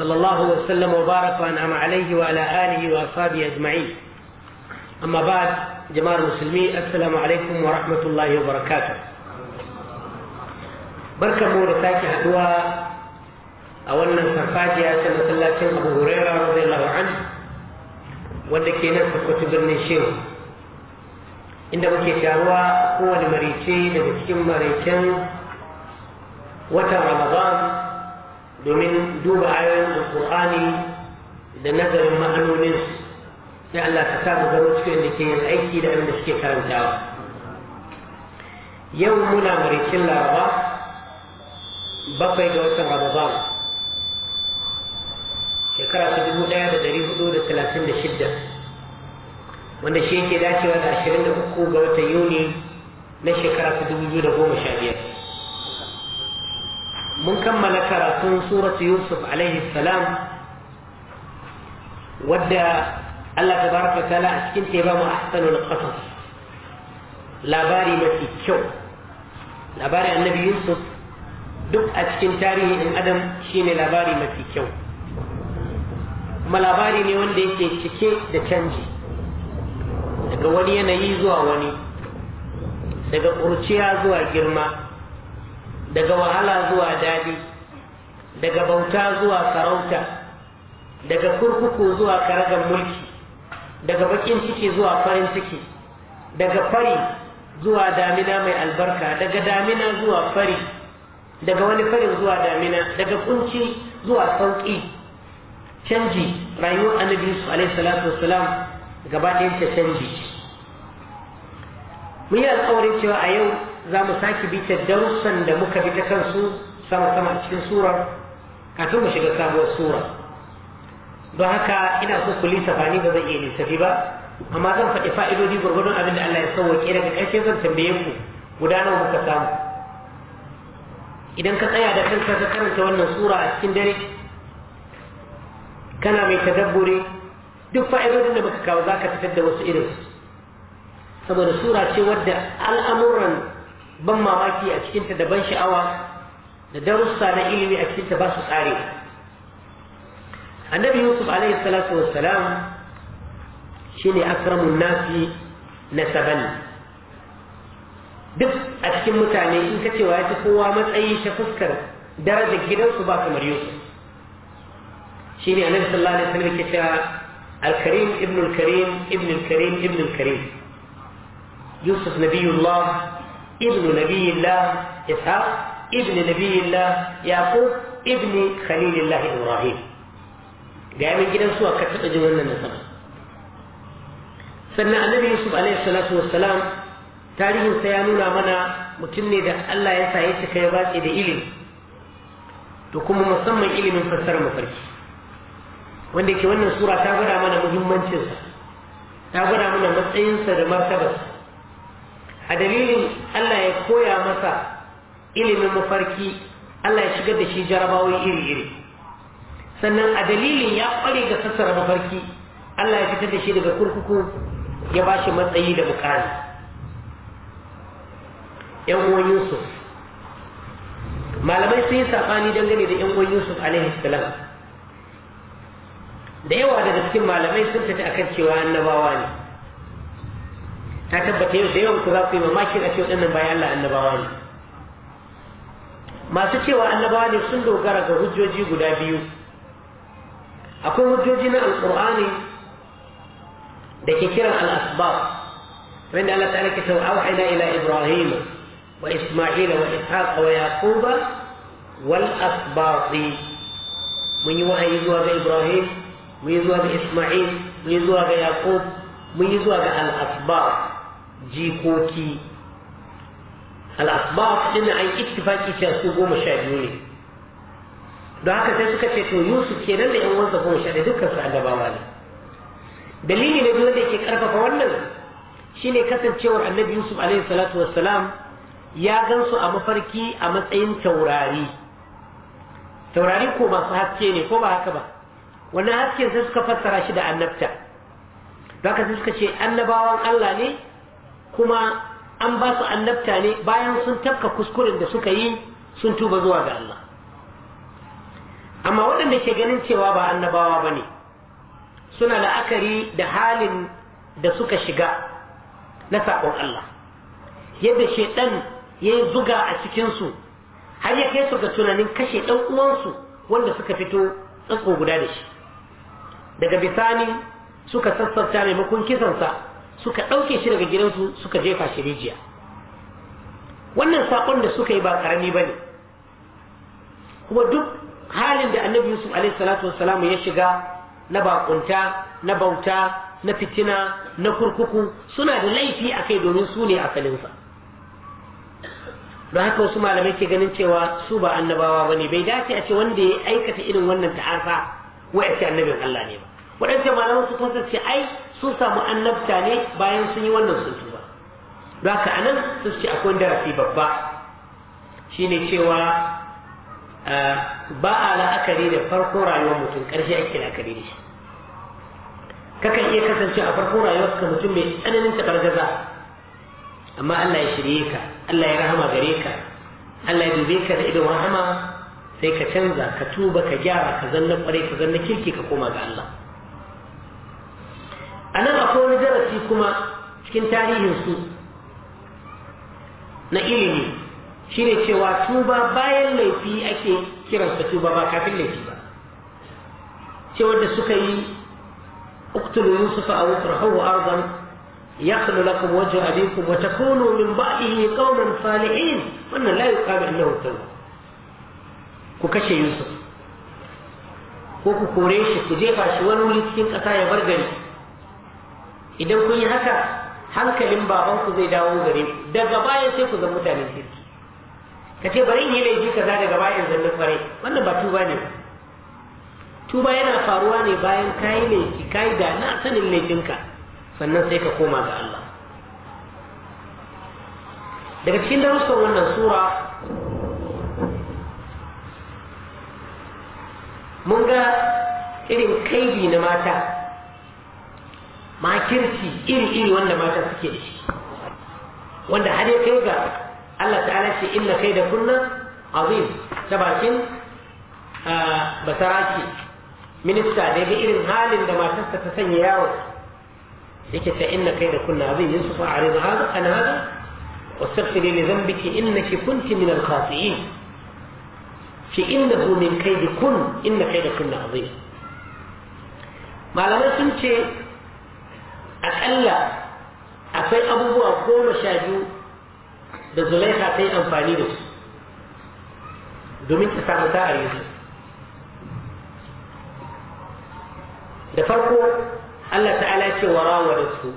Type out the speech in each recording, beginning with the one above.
صلى الله وسلم وبارك وأنعم عليه وعلى آله وأصحابه أجمعين أما بعد جماعة المسلمين السلام عليكم ورحمة الله وبركاته بركة مورتاك هدوى أولا سفاجية مثلاتين أبو هريرة رضي الله عنه wanda ke nan sakkwato birnin shehu inda muke taruwa kowane marice daga cikin maricen watan ramadan domin duba ayoyin alkur'ani da nazarin ma'anoninsu sai Allah ka sa mu cikin da ke yin aiki da abin da suke karantawa yau muna marikin laraba bakwai ga watan ramadan shekara ta dubu ɗaya da ɗari hudu da talatin da shidda wanda shi yake dacewa da ashirin da uku ga watan yuni na shekara ta dubu biyu da goma sha biyar mun kammala karatun suratu yusuf alaihi salam wadda Allah ta tabaraka ta'ala a cikin ta ba mu ahsanul qasas labari mafi kyau labarin annabi yusuf duk a cikin tarihin in adam shine labari mafi kyau kuma labari ne wanda yake cike da canji daga wani yanayi zuwa wani daga ƙurciya zuwa girma daga wahala zuwa daɗi daga bauta zuwa sarauta daga kurkuku zuwa karagar mulki daga bakin ciki zuwa farin ciki daga fari zuwa damina mai albarka daga damina zuwa fari daga wani farin zuwa damina daga kunci zuwa sauki canji rayuwar annabi yusuf alaihi salatu wassalam gaba ɗayan ta canji mu yi alƙawarin cewa a yau za mu sake bi ta darussan da muka bi ta kansu sama sama a cikin surar kafin mu shiga sabuwar sura don haka ina so ku lissafa ni ba zan iya lissafi ba amma zan faɗi fa'idodi gwargwadon abin da Allah ya sauwaƙe daga ƙarshe zan tambaye ku guda nawa muka samu idan ka tsaya da kanka ka karanta wannan sura a cikin dare kana mai tadabbure duk fa'idodin da muka kawo za ka fitar da wasu irin saboda sura ce wadda al'amuran ban mamaki a cikinta da ban sha'awa da darussa na ilimi a cikinta ba su tsare annabi yusuf alaihi salatu wassalam shine akramun nasi nasaban duk a cikin mutane in ka cewa ya fi kowa matsayi ta fuskar darajar gidansu ba kamar yusuf ne annabi sallallahu alaihi wasallam yake cewa الكريم ابن الكريم ابن الكريم ابن الكريم Yusuf نبي الله ابن نبي الله إسحاق ابن نبي الله يعقوب ابن خليل الله إبراهيم جامد جدا سوى كتب جوانا نسمع سنة النبي يوسف عليه الصلاة والسلام tarihin sa ya nuna mana mutum ne da Allah ya sa ya cika ya bace da ilimi to kuma musamman ilimin fassarar mafarki wanda ke wannan sura ta gwada mana muhimmancinsa ta gwada mana matsayinsa da martabarsa a dalilin Allah ya koya masa ilimin mafarki Allah ya shigar da shi jarabawoyi iri-iri sannan a dalilin ya kware ga sassara mafarki Allah ya fitar da shi daga kurkuku ya ba shi matsayi da bukari yan uwan Yusuf malamai sun yi saɓani dangane da yanuwan uwan Yusuf alaihi salam da yawa daga cikin malamai sun tafi akan cewa annabawa ne ta tabbata yau da yawan ku za ku yi mamakin a ce waɗannan bayan Allah annabawa ne masu cewa annabawa ne sun dogara ga hujjoji guda biyu akwai hujjoji na alƙur'ani da ke kiran al'asbab wanda Allah ta'ala ke tawa auhina ila ibrahim wa isma'ila wa ishaq wa yaquba wal asbati mun yi wahayi zuwa ga ibrahim mun yi zuwa ga isma'il mun yi zuwa ga yaqub mun yi zuwa ga al asbab jikoki al'asbab din an ittifaki cewa su goma sha biyu ne don haka sai suka ce to yusuf kenan da yan uwansa goma sha da dukkan su annabawa ne dalili na biyu da ke karfafa wannan shine kasancewar annabi yusuf alaihi salatu wassalam ya gansu a mafarki a matsayin taurari taurari ko masu haske ne ko ba haka ba wannan hasken sai suka fassara shi da annabta don haka sai suka ce annabawan allah ne kuma an ba su annabta ne bayan sun tafka kuskuren da suka yi sun tuba zuwa ga Allah amma waɗanda ke ganin cewa ba annabawa ba ne suna la'akari da halin da suka shiga na saƙon Allah yadda shaiɗan ya yi zuga a cikinsu har ya kai su ga tunanin kashe ɗan uwansu wanda suka fito tsatso guda da shi daga bisani suka sassauta maimakon kisansa suka ɗauke shi daga gidansu suka jefa shi rijiya wannan saƙon da suka yi ba ƙarami ba ne kuma duk halin da annabi yusuf alaihi salatu ya shiga na baƙunta na bauta na fitina na kurkuku suna da laifi a kai domin su ne asalinsa don haka wasu malamai ke ganin cewa su ba annabawa ba ne bai dace a ce wanda ya aikata irin wannan ta'arfa wa ya ce annabin Allah ne ba waɗancan malamai su kwasa ce ai sun samu annabta ne bayan sun yi wannan sun tuba don haka anan sun ce akwai darasi babba Shi ne cewa ba a la'akari da farkon rayuwar mutum ƙarshe ake la'akari da shi kakan iya kasance a farko rayuwar ka mutum mai tsananin takal-gaza. amma Allah ya shirye ka Allah ya rahama gare ka Allah ya dube ka da idon rahama sai ka canza ka tuba ka gyara ka zanna kwarai ka zanna kirki ka koma ga Allah a nan akwai wani darasi kuma cikin tarihinsu na ilimi shine cewa tuba bayan laifi ake kiransa tuba ba kafin laifi ba cewar da suka yi uktulu yusufa a wutrahu arzan ya yakhlu lakum wajhu abikum wata kono min ba'dihi qauman salihin wannan layu yuqalu ina tawba ku kashe yusuf ko ku kore shi ku jefa shi wani wuri cikin ƙasa ya bar gari idan kun yi haka hankalin babanku zai dawo gare daga baya sai ku zama mutane kirki ka ce bari in yi laifi za daga baya in kwarai wannan ba tuba ne tuba yana faruwa ne bayan ka yi laifi ka yi da na sanin laifinka sannan sai ka koma ga Allah daga cikin darussan wannan sura mun ga irin kaidi na mata makirci iri-iri wanda mata suke da shi wanda har ya kai ga Allah ta'ala ce inna kai da kunna azim ta bakin basaraki minista da ga irin halin da matarsa ta sanya yawo yake ta inna kai da kunna azim yin su fa'ari da hada an hada واستغفري لذنبك انك كنت من الخاطئين فانه من كيد كن ان كيد كن عظيم malamai sun ce akalla akwai abubuwa goma sha biyu da zulaika ta yi amfani da su domin ta samu sa'ar yusuf da farko Allah ta'ala ce wa rawada su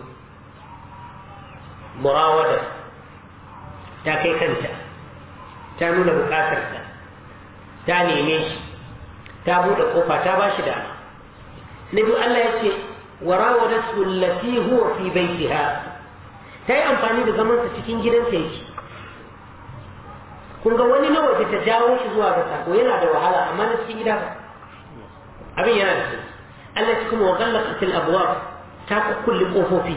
murawada ta kai kanta ta nuna bukatarsa ta neme shi ta buɗe kofa ta ba shi dama na biyu Allah ya ce وراودته التي هو في بيتها تاي amfani da zamansa sa cikin gidansa yake kun ga wani na waje ta jawo shi zuwa ga sako yana da wahala amma na cikin gida ba abin yana da Allah kuma wa al abwab ta kulli kofofi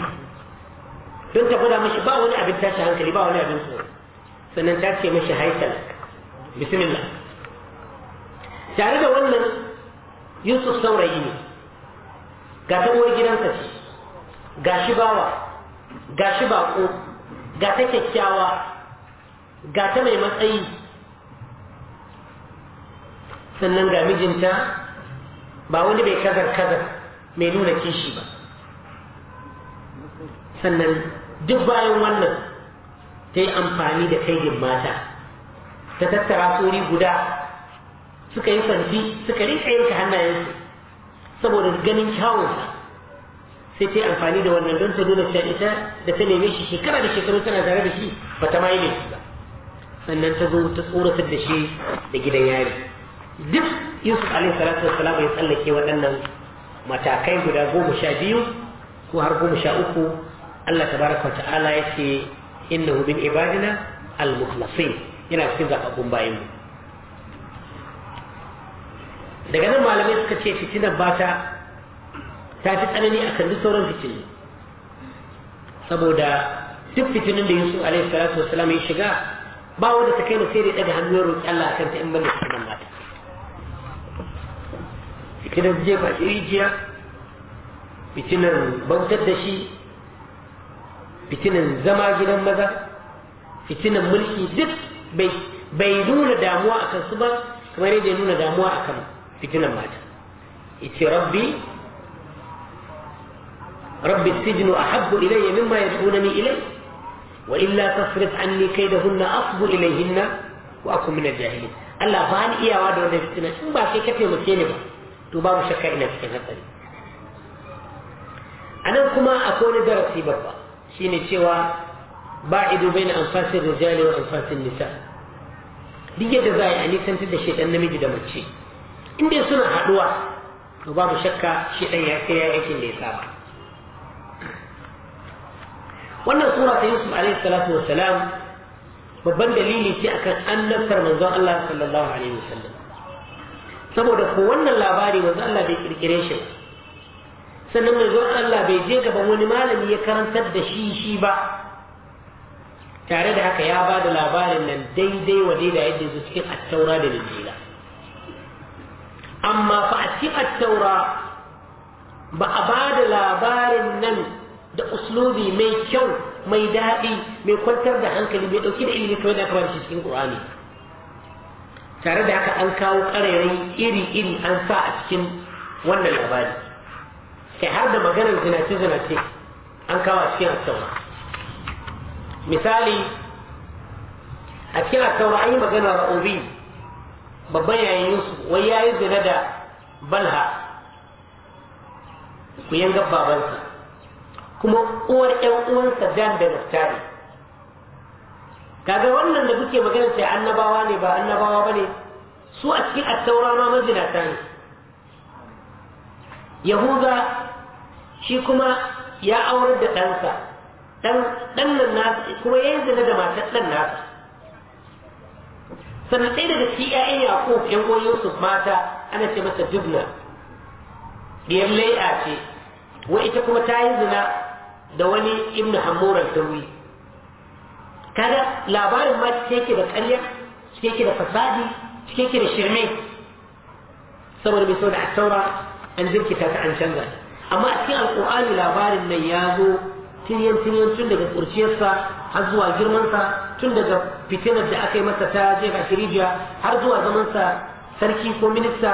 don ta gwada mashi ba wani abin tashi hankali ba wani abin tsoro sannan ta ce mashi haikal bismillah tare da wannan yusuf saurayi ne ga ta uwar gidansa ce ga shi bawa ga shi bako ga ta kyakkyawa ga ta mai matsayi sannan ga mijinta ba wani bai kazar-kazar mai nuna kishi ba sannan duk bayan wannan ta yi amfani da kaidin mata ta tattara tsori guda suka yi fanti suka rika yanka hannayensu saboda ganin kyawunsa sai ta yi amfani da wannan don ta nuna cewa ita da ta neme shi shekara da shekaru tana tare da shi ba ta maye laifi ba sannan ta zo ta tsoratar da shi da gidan yari duk yusuf alaihi salatu wassalam ya tsallake waɗannan matakai guda goma sha biyu ko har goma sha uku Allah tabaraka ta'ala ya ce innahu min ibadina al-mukhlasin yana cikin zababbun bayanmu daga nan malamai suka ce fitinar ba ta ta fi tsanani a kan duk sauran fitini saboda duk fitinin da yusuf alaihi salatu wasalam ya shiga ba wanda ta kai sai da daga hannun roƙi Allah akan ta in bane fitinan mata fitinar ba shi rijiya fitinar bautar da shi fitinan zama gidan maza fitinan mulki duk bai nuna damuwa akan su ba kamar yadda ya nuna damuwa akan fitinan mata yace rabbi rabbi sijnu ahabbu ilayya mimma yad'unani ilai wa illa tasrif anni kaydahunna asbu ilayhinna wa akun min al-jahilin Allah ba ni iyawa da wannan fitina in ba sai ka taimake ni ba to babu shakka ina cikin hatsari anan kuma akwai wani darasi babba shine cewa ba'idu bayna anfasin rijali wa anfasin nisa duk yadda za a yi a nisantar da shaidan namiji da mace in dai suna haɗuwa to babu shakka shi ɗan ya sai ya aikin da ya saba wannan sura ta Yusuf alaihi salatu wa salam babban dalili ce akan annabtar manzon Allah sallallahu alaihi wasallam saboda ko wannan labari manzon Allah bai kirkire shi sannan manzon Allah bai je gaban wani malami ya karantar da shi shi ba tare da haka ya ba da labarin nan daidai wa daidai yadda su cikin attaura da linjila amma fa a cikin attaura ba a ba da labarin nan da uslubi mai kyau mai daɗi mai kwantar da hankali mai ɗauki da ilimi kamar da aka bada shi cikin ƙur'ani tare da haka an kawo ƙarairayi iri-iri an sa a cikin wannan labari sai har da maganar zinace-zinace an kawo a cikin attaura misali a cikin attaura an yi maganar ra'ubi babban yayin yusuf wai ya yi zina da balha ku yin babansa kuma uwar ƴan uwansa dan da naftari kaga wannan da kuke magana sai annabawa ne ba annabawa bane su a cikin attaura ma mazinata ne yahuda shi kuma ya aurar da ɗansa ɗan nan nasa kuma ya yi zina da matar ɗan nasa sannan ɗaya daga cikin ƴaƴan yaƙub ƴan uwan yusuf mata ana ce masa dubna diyar lai'a ce wa ita kuma ta yi zina da wani ibnu hammur al-tawi kaga labarin ma cike yake da ƙarya cike yake da fasadi cike yake da shirme saboda bai da attaura an jirkita ta an canza amma a cikin alƙur'ani labarin nan ya zo tiriyan tiriyan tun daga ƙurciyarsa har zuwa girmansa tun daga fitinar da aka yi masa ta jefa shirijiya har zuwa zamansa sarki ko minista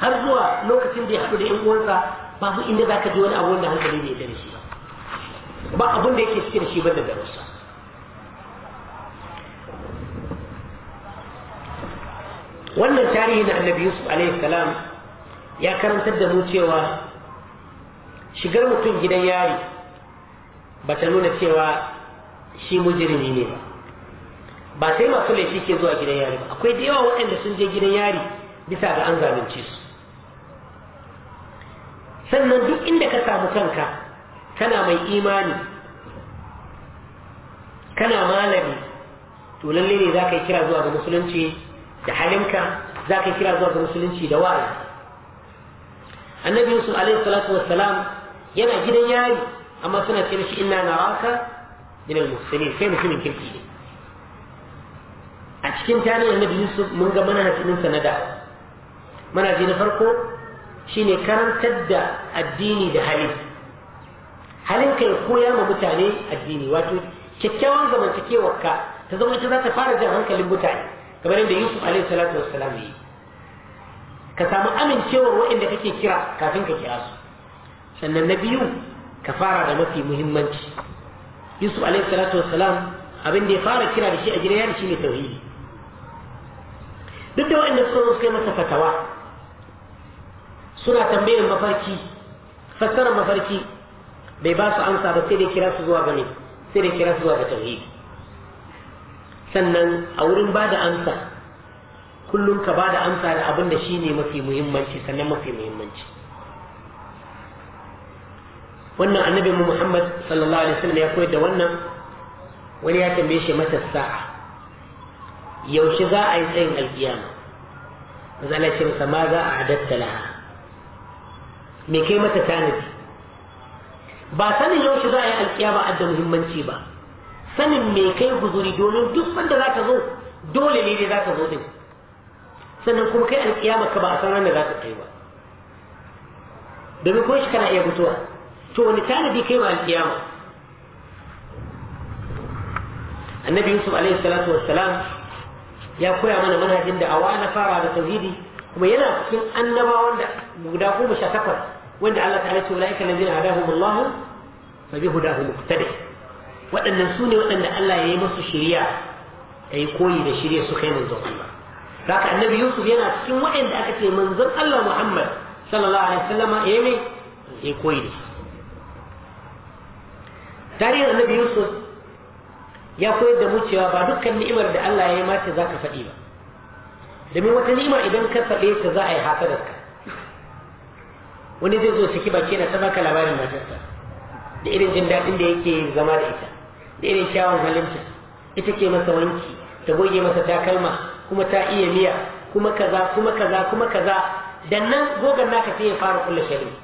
har zuwa lokacin da ya haɗu da 'yan uwansa babu inda za ka ji wani abu wanda hankali ne da shi ba abin da yake cike da shi ba da darussa wannan tarihi na annabi yusuf alayhi salam ya karantar da mu cewa shigar mutum gidan yari ba ta nuna cewa shi mujirimi ne ba ba sai masu laifi ke zuwa gidan yari ba akwai da yawa waɗanda sun je gidan yari bisa ga an zalunce su sannan duk inda ka samu kanka kana mai imani kana malami to lalle ne za ka yi kira zuwa ga musulunci da halinka za ka yi kira zuwa ga musulunci da wa'azi annabi yusuf alaihi salatu wassalam yana gidan yari amma suna cewa shi inna naraka min gidan sai mutumin kirki ne cikin tarihin annabi yusuf mun ga manhajin na da manhaji na farko shine karantar da addini da halin, halin ka ya koya ma mutane addini wato kyakkyawan zamantakewar ka ta zama ita za ta fara jan hankalin mutane kamar yadda yusuf alaihi salatu wassalam yi ka samu amincewar waɗanda kake kira kafin ka kira su sannan na biyu ka fara da mafi muhimmanci yusuf alaihi salatu wassalam abin da ya fara kira da shi a gida ya shi ne tauhidi duk da waɗanda suka zo suka yi masa fatawa suna tambayar mafarki fassarar mafarki bai ba su amsa ba sai dai kira su zuwa gani sai dai kira su zuwa ga tauhidi sannan a wurin ba da amsa kullum ka ba da amsa da abin da shine mafi muhimmanci sannan mafi muhimmanci wannan annabi mu Muhammad sallallahu alaihi wasallam ya koyar da wannan wani ya tambaye shi mata sa'a yaushe za a yi tsayin alkiyama zala ma za a adatta laha me kai mata tanadi ba sanin yaushe za a yi alkiyama a da muhimmanci ba sanin me kai guzuri domin duk sanda za ka zo dole ne dai za ka zo din sannan kuma kai alkiyama ka ba a sanar da za ka kai ba domin kuma shi kana iya mutuwa to wani tanadi kai ma alkiyama annabi yusuf alaihi salatu wassalam ya koya mana manhajin da awa na fara da tauhidi kuma yana cikin annabawan da guda goma sha takwas wanda Allah ta ce ulaika allazina hadahum Allah fa bi hudahu muqtadi waɗannan su ne waɗanda Allah ya yi musu shiriya yi koyi da shiriya su kai manzon Allah haka annabi Yusuf yana cikin waɗanda aka ce manzon Allah Muhammad sallallahu alaihi wasallama yayi yayi koyi da tarihin annabi Yusuf ya koyar da mu cewa ba dukkan ni'imar da Allah ya yi mace za ka faɗi ba domin wata ni'ima idan ka faɗe ta za a yi hasadarka wani zai zo saki baki na ta baka labarin matarsa da irin jin daɗin da yake zama da ita da irin kyawun halinta ita ke masa wanki ta goge masa takalma kuma ta iya miya kuma kaza kuma kaza kuma kaza dan nan gogan naka sai ya fara kulle shari'a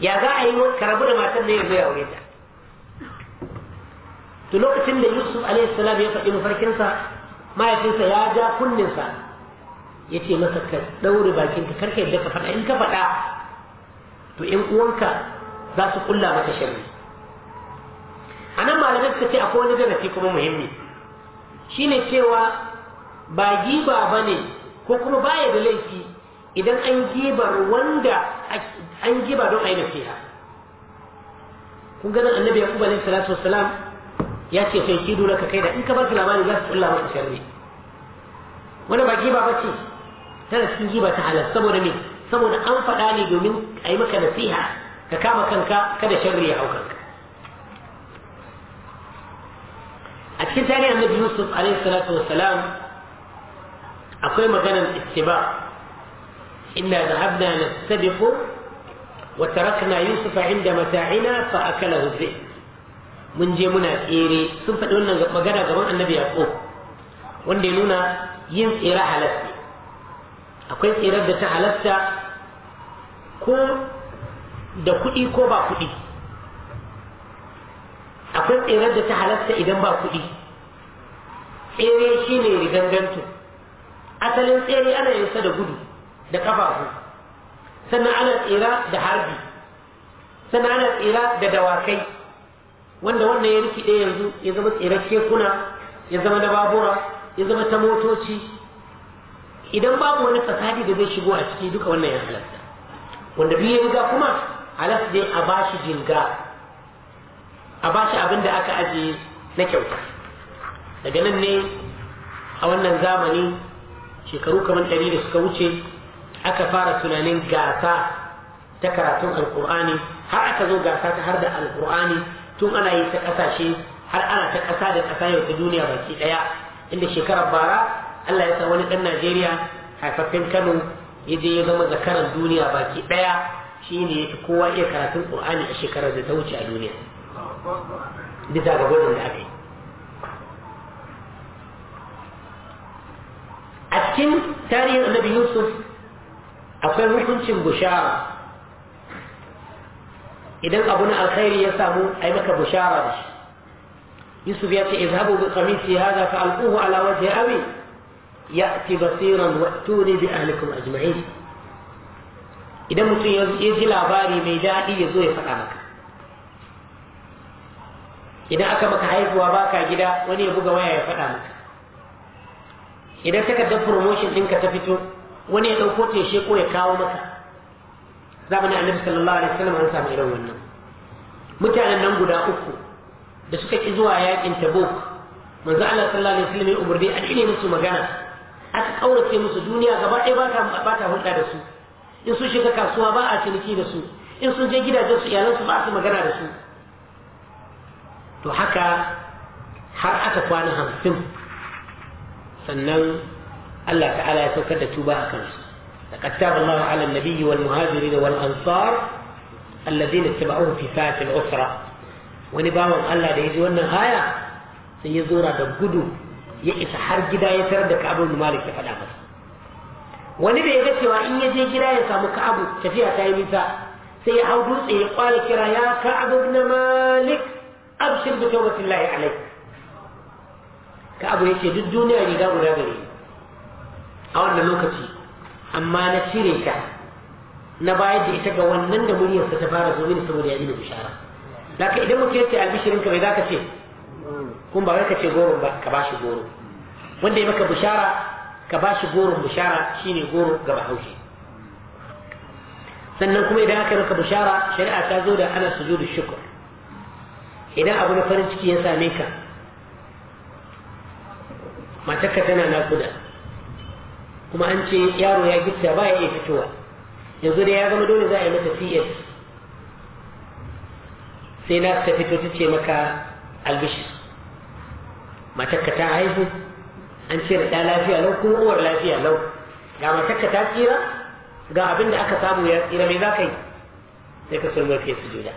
ya za a yi karabu da matar da ya zo ya aure ta to lokacin da yusuf alayhi salam ya faɗi mafarkinsa mahaifinsa ya ja kunninsa ya ce masa ka ɗaure bakinka karka yadda ka faɗa in ka faɗa to ƴan uwanka za su kulla maka sharri a nan malamai suka ce akwai wani darasi kuma muhimmi shine cewa ba giba ba ne ko kuma baya da laifi idan an gibar wanda an giba don a yi nasiha kun ganin annabi ya alayhi salatu wasalam ya ce sai kidu na ka kaida in ka ba su labari za su kulla maka sharri wani ba giba ba ce tana cikin giba ta halal saboda me saboda an faɗa ne domin a yi maka nasiha ka kama kanka kada sharri ya hau kanka a cikin tarihin annabi yusuf alaihi salatu wassalam akwai maganar ittiba inna dhahabna nastabiqu wa tarakna yusufa inda mata'ina fa akalahu dhi'b mun je muna tsere sun faɗi wannan magana gaban annabi yaƙo wanda ya nuna yin tsere halas akwai tserar da ta halasta ko da kuɗi ko ba kuɗi akwai tserar da ta halasta idan ba kuɗi tsere shine riganganto asalin tsere ana yin sa da gudu da ƙafafu sannan ana tsira da harbi sannan ana tsira da dawakai wanda wannan ya rikide yanzu ya zama tsirakke kuna ya zama na babura ya zama ta motoci idan babu wani fasadi da zai shigo a ciki duka wannan ya halatta wanda biyu ya riga kuma halas dai a ba shi jinga a shi abin da aka ajiye na kyauta daga nan ne a wannan zamani shekaru kamar ɗari da suka wuce aka fara tunanin gasa ta karatun alkur'ani har aka zo gasa ta har da alkur'ani tun ana yi ta ƙasashe har ana ta ƙasa da ƙasa yau ta duniya baki ɗaya inda shekarar bara Allah ya sa wani ɗan Najeriya haifaffen Kano ya je ya zama zakaran duniya baki ɗaya shi ne ya fi kowa iya karatun Ƙur'ani a shekarar da ta wuce a duniya. Bisa ga gudun da aka yi. A cikin tarihin Annabi Yusuf akwai hukuncin bushara idan abu na alkhairi ya samu ai maka bushara da shi yusuf ya ce izhabu bi qamisi hadha fa alquhu ala wajhi abi ya'ti basiran wa tuni bi ahlikum ajma'in idan mutum ya ji labari mai daɗi ya zo ya faɗa maka idan aka maka haihuwa baka gida wani ya buga waya ya faɗa maka idan takardar promotion ɗinka ta fito wani ya ɗauko ta ya sheko ya kawo maka zamanin annabi sallallahu alaihi wasallam an samu irin wannan mutanen nan guda uku da suka ki zuwa yakin tabuk manzo Allah sallallahu alaihi wasallam ya umarni a dine musu magana aka kaurace musu duniya gaba ɗaya ba ba ta hulɗa da su in sun shiga kasuwa ba a ciniki da su in sun je gidajen su iyalansu ba su magana da su to haka har aka kwana hamsin sannan Allah ta'ala ya saukar da tuba a kansu لقد تاب الله على النبي والمهاجرين والأنصار الذين اتبعوه في ساعة الأسرة ونباهم الله da yaji wannan haya. sai ya zura da gudu ya isa har gida ya tarar da Ka'ab ibn Malik ya faɗa masa wani da ya ga cewa in ya je gida ya samu Ka'ab tafiya ta yi nisa sai ya hau dutse ya kwala kira ya Ka'ab ibn Malik abshir bi tawbatillahi alayk Ka'ab ya ce duk duniya riga guda gare a wannan lokaci amma na cire ta na bayar da ita ga wannan da muryarsa ta fara zo mini saboda ya yi bishara da ka idan mutum ya ce albishirin ka bai za ka ce kun ba ka ce goron ba ka bashi goro wanda ya maka bishara ka bashi goron bishara shine goro ga bahaushe sannan kuma idan aka maka bishara shari'a ta zo da ana sujudu shukr idan abu na farin ciki ya same ka matarka tana nakuda kuma an ce yaro ya gita ba ya iya fitowa yanzu da ya zama dole za a yi mata cs sai na ta fito ta ce maka albishi matakka ta haihu an ce da lafiya lau kuma uwar lafiya lau ga matakka ta tsira ga abin da aka samu ya tsira mai za ka yi sai ka sulmar fiye su juda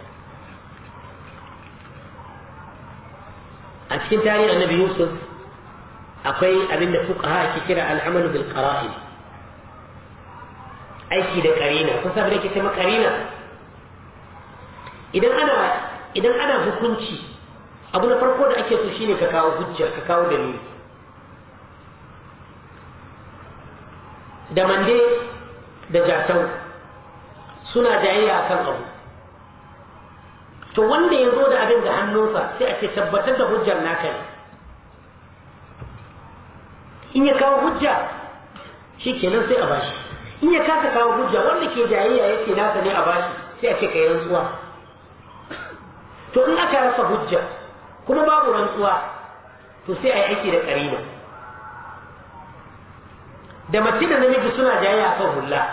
a cikin tarihin annabi yusuf akwai abin da fuka ke kira al'amalu bil qara'in aiki da karina kun san da ke cewa karina idan ana idan ana hukunci abu na farko da ake so shine ka kawo hujja ka kawo dalili da mande da jatau suna jayayya kan abu to wanda ya zo da abin da hannunsa sai a ce tabbatar da hujjar naka ne in ya kawo hujja shi kenan sai a bashi in ya kasa kawo hujja wanda ke jayayya ya ce nasa ne a bashi sai a ce kai rantsuwa to in aka rasa hujja kuma babu rantsuwa to sai a yi aiki da karina da mace da namiji suna jayayya a kan hula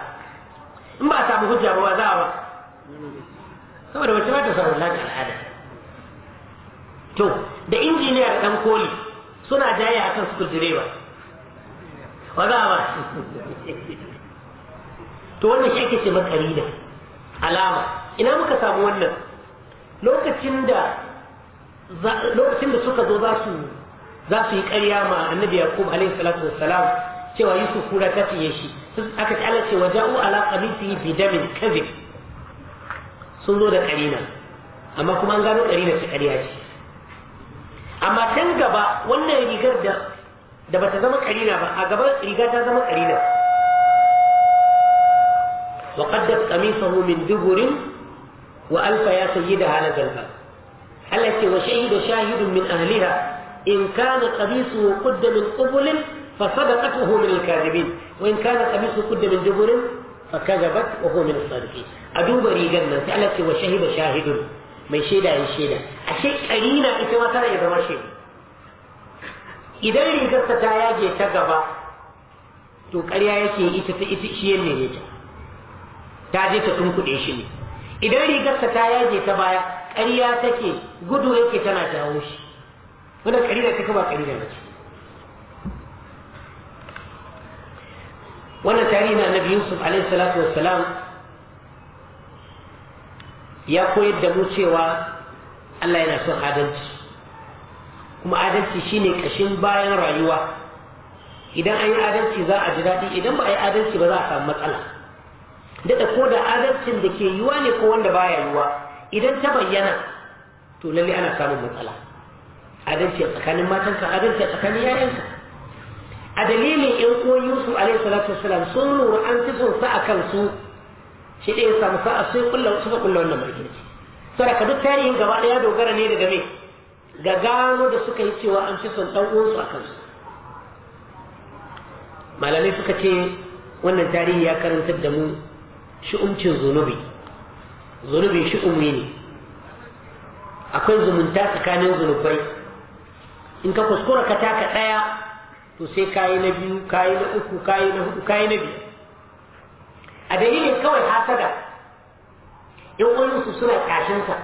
in ba a samu hujja ba za a ba saboda mace ba ta samu hula ga al'ada to da injiniya da dan koli suna jayayya kan sukul direba ba ba to wannan shi ake ce makarina alama ina muka samu wannan lokacin da lokacin da suka zo za su za su yi ƙarya ma annabi yaqub alaihi salatu wassalam cewa yusuf kura ta fiye shi aka ce ala cewa ja'u ala qamisihi bi damin kadhib sun zo da ƙarina amma kuma an gano ƙarina ce ƙarya ce amma tun gaba wannan rigar da da bata zama karina ba a gaban riga ta zama karina wa qaddat qamisahu min duburin wa alfa ya sayyida la zalfa Allah ce wa shahidu shahidun min ahliha in kana qamisu qudda min qubulin fa sadaqatuhu min al-kadhibin wa in kana qamisu qudda min duburin fa kadhabat wa huwa min as-sadiqin a duba rigan nan sai Allah ce wa shahidu shahidun mai shaida ya shaida ashe karina ita ma tana ya zama shaida idan rigarsa ta yage ta gaba to ƙarya yake ita ta ita shi yanne ne ta ta je ta tunkuɗe shi ne idan rigarsa ta yage ta baya ƙarya take gudu yake tana jawo shi wannan ƙarya ta ba ƙarya ba ce wannan tarihi na annabi yusuf alaihi salatu wassalam ya koyar da mu cewa Allah yana son adalci kuma adalci shine kashin bayan rayuwa idan an yi adalci za a ji daɗi idan ba a yi adalci ba za a samu matsala da ko da adalcin da ke yiwa ne ko wanda baya yiwa idan ta bayyana to lalle ana samun matsala adalci a tsakanin matanka adalci a tsakanin yayanka a dalilin yan uwan yusuf alaihi salatu wasalam sun lura an fi son sa akan su shi ɗaya samu sa'a sai kulla suka kulla wannan mulki saboda duk tarihin gaba ɗaya dogara ne daga me ga gano da suka yi cewa an fi son ɗan uwansu a kansu malamai suka ce wannan tarihi ya karantar da mu shi'umcin zunubi zunubi shi'umi ne akwai zumunta tsakanin zunubai in ka kuskura ka taka ɗaya to sai kayi na biyu kayi na uku kayi na hudu kayi na biyu a dalilin kawai hasada in wani su suna kashinsa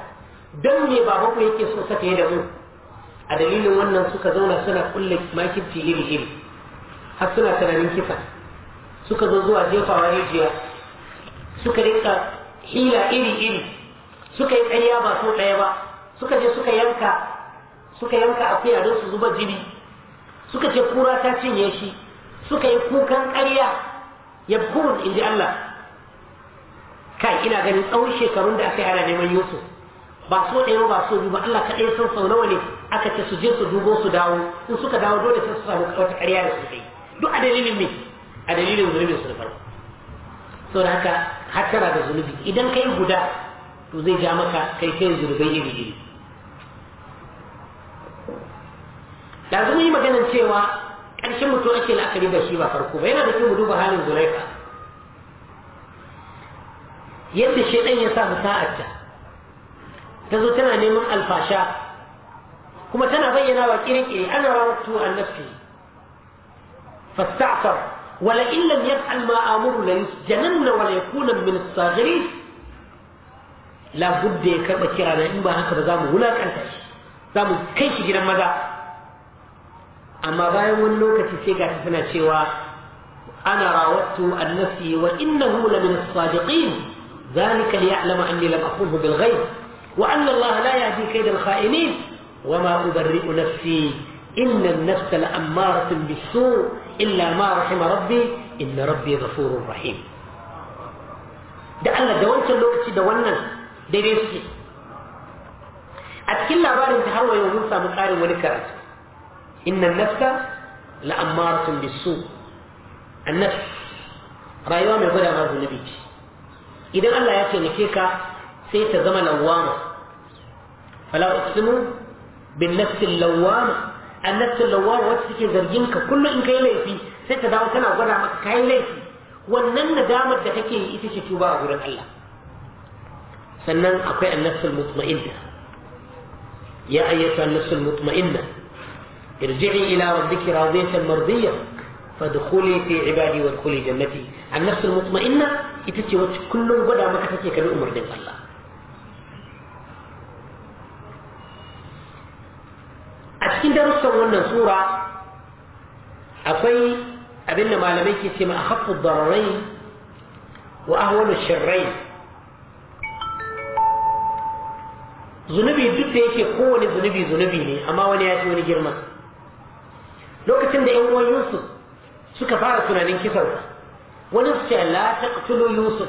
don me babanku yake so saka da mu a dalilin wannan suka zauna suna kulle makin iri-iri har suna tunanin kisa suka zo zuwa jefawa rijiya suka rika hila iri-iri suka yi tsariya ba so ɗaya ba suka je suka yanka suka yanka akuya don su zuba jini suka ce kura ta cinye shi suka yi kukan ƙarya ya kurun in ji Allah kai ina ganin tsawon shekarun da aka yi ana neman Yusuf ba so ɗaya ba so biyu ba Allah kaɗai san sau nawa ne aka ce su je su dubo su dawo in suka dawo dole sai su samu wata ƙarya da su kai duk a dalilin me a dalilin zunubin su da saboda haka har da zunubi idan kai guda to zai ja maka kai kai zunubai iri iri da zan yi maganin cewa ƙarshen mutum ake la'akari da shi ba farko ba yana da kyau mu duba halin zulaika yadda ɗan ya sa musa'arta ta zo tana neman alfasha كما كان بينا وكيري كيري أنا رمضت عن نفسي فاستعثر ولئن لم يفعل ما آمر ليسجنن وليكون من الصاغرين لا بد يكبر كيرانا إن ما هكذا زامو هنا كنتش زامو كيش جنا ماذا أما بايو النوكة سيقا تفنى شوا أنا راودت عن نفسي وإنه لمن الصادقين ذلك ليعلم أني لم أقوله بالغيب وأن الله لا يهدي كيد الخائنين وما أبرئ نفسي إن النفس لأمارة بالسوء إلا ما رحم ربي إن ربي غفور رحيم da Allah da wancan lokaci da wannan daidai suke a cikin labarin ta har wayo mun samu ƙarin wani karatu inna nafsa la'ammaratun bisu annaf rayuwa mai gwada ma zunubi ce idan Allah ya taimake ka sai ta zama lawama fala uqsimu bin nafsin lawwama an nafsin lawwama wacce take zargin ka kullum in kai laifi sai ta dawo tana gwada maka kai laifi wannan nadamar da kake yi ita ce tuba a gurin Allah sannan akwai an nafsin mutma'inna ya ayyata an nafsin mutma'inna irji'i ila rabbiki radiyatan mardiyya fadkhuli fi ibadi wa dkhuli jannati an nafsin mutma'inna ita ce wacce kullum gwada maka take kan umarnin Allah cikin darussan wannan sura akwai abin da malamai ke ce ma a haƙƙu dararai wa ahwalu shirrai zunubi duk da yake kowane zunubi zunubi ne amma wani ya ci wani girma lokacin da 'yan uwan yusuf suka fara tunanin kisar, wani su ce la taqtulu yusuf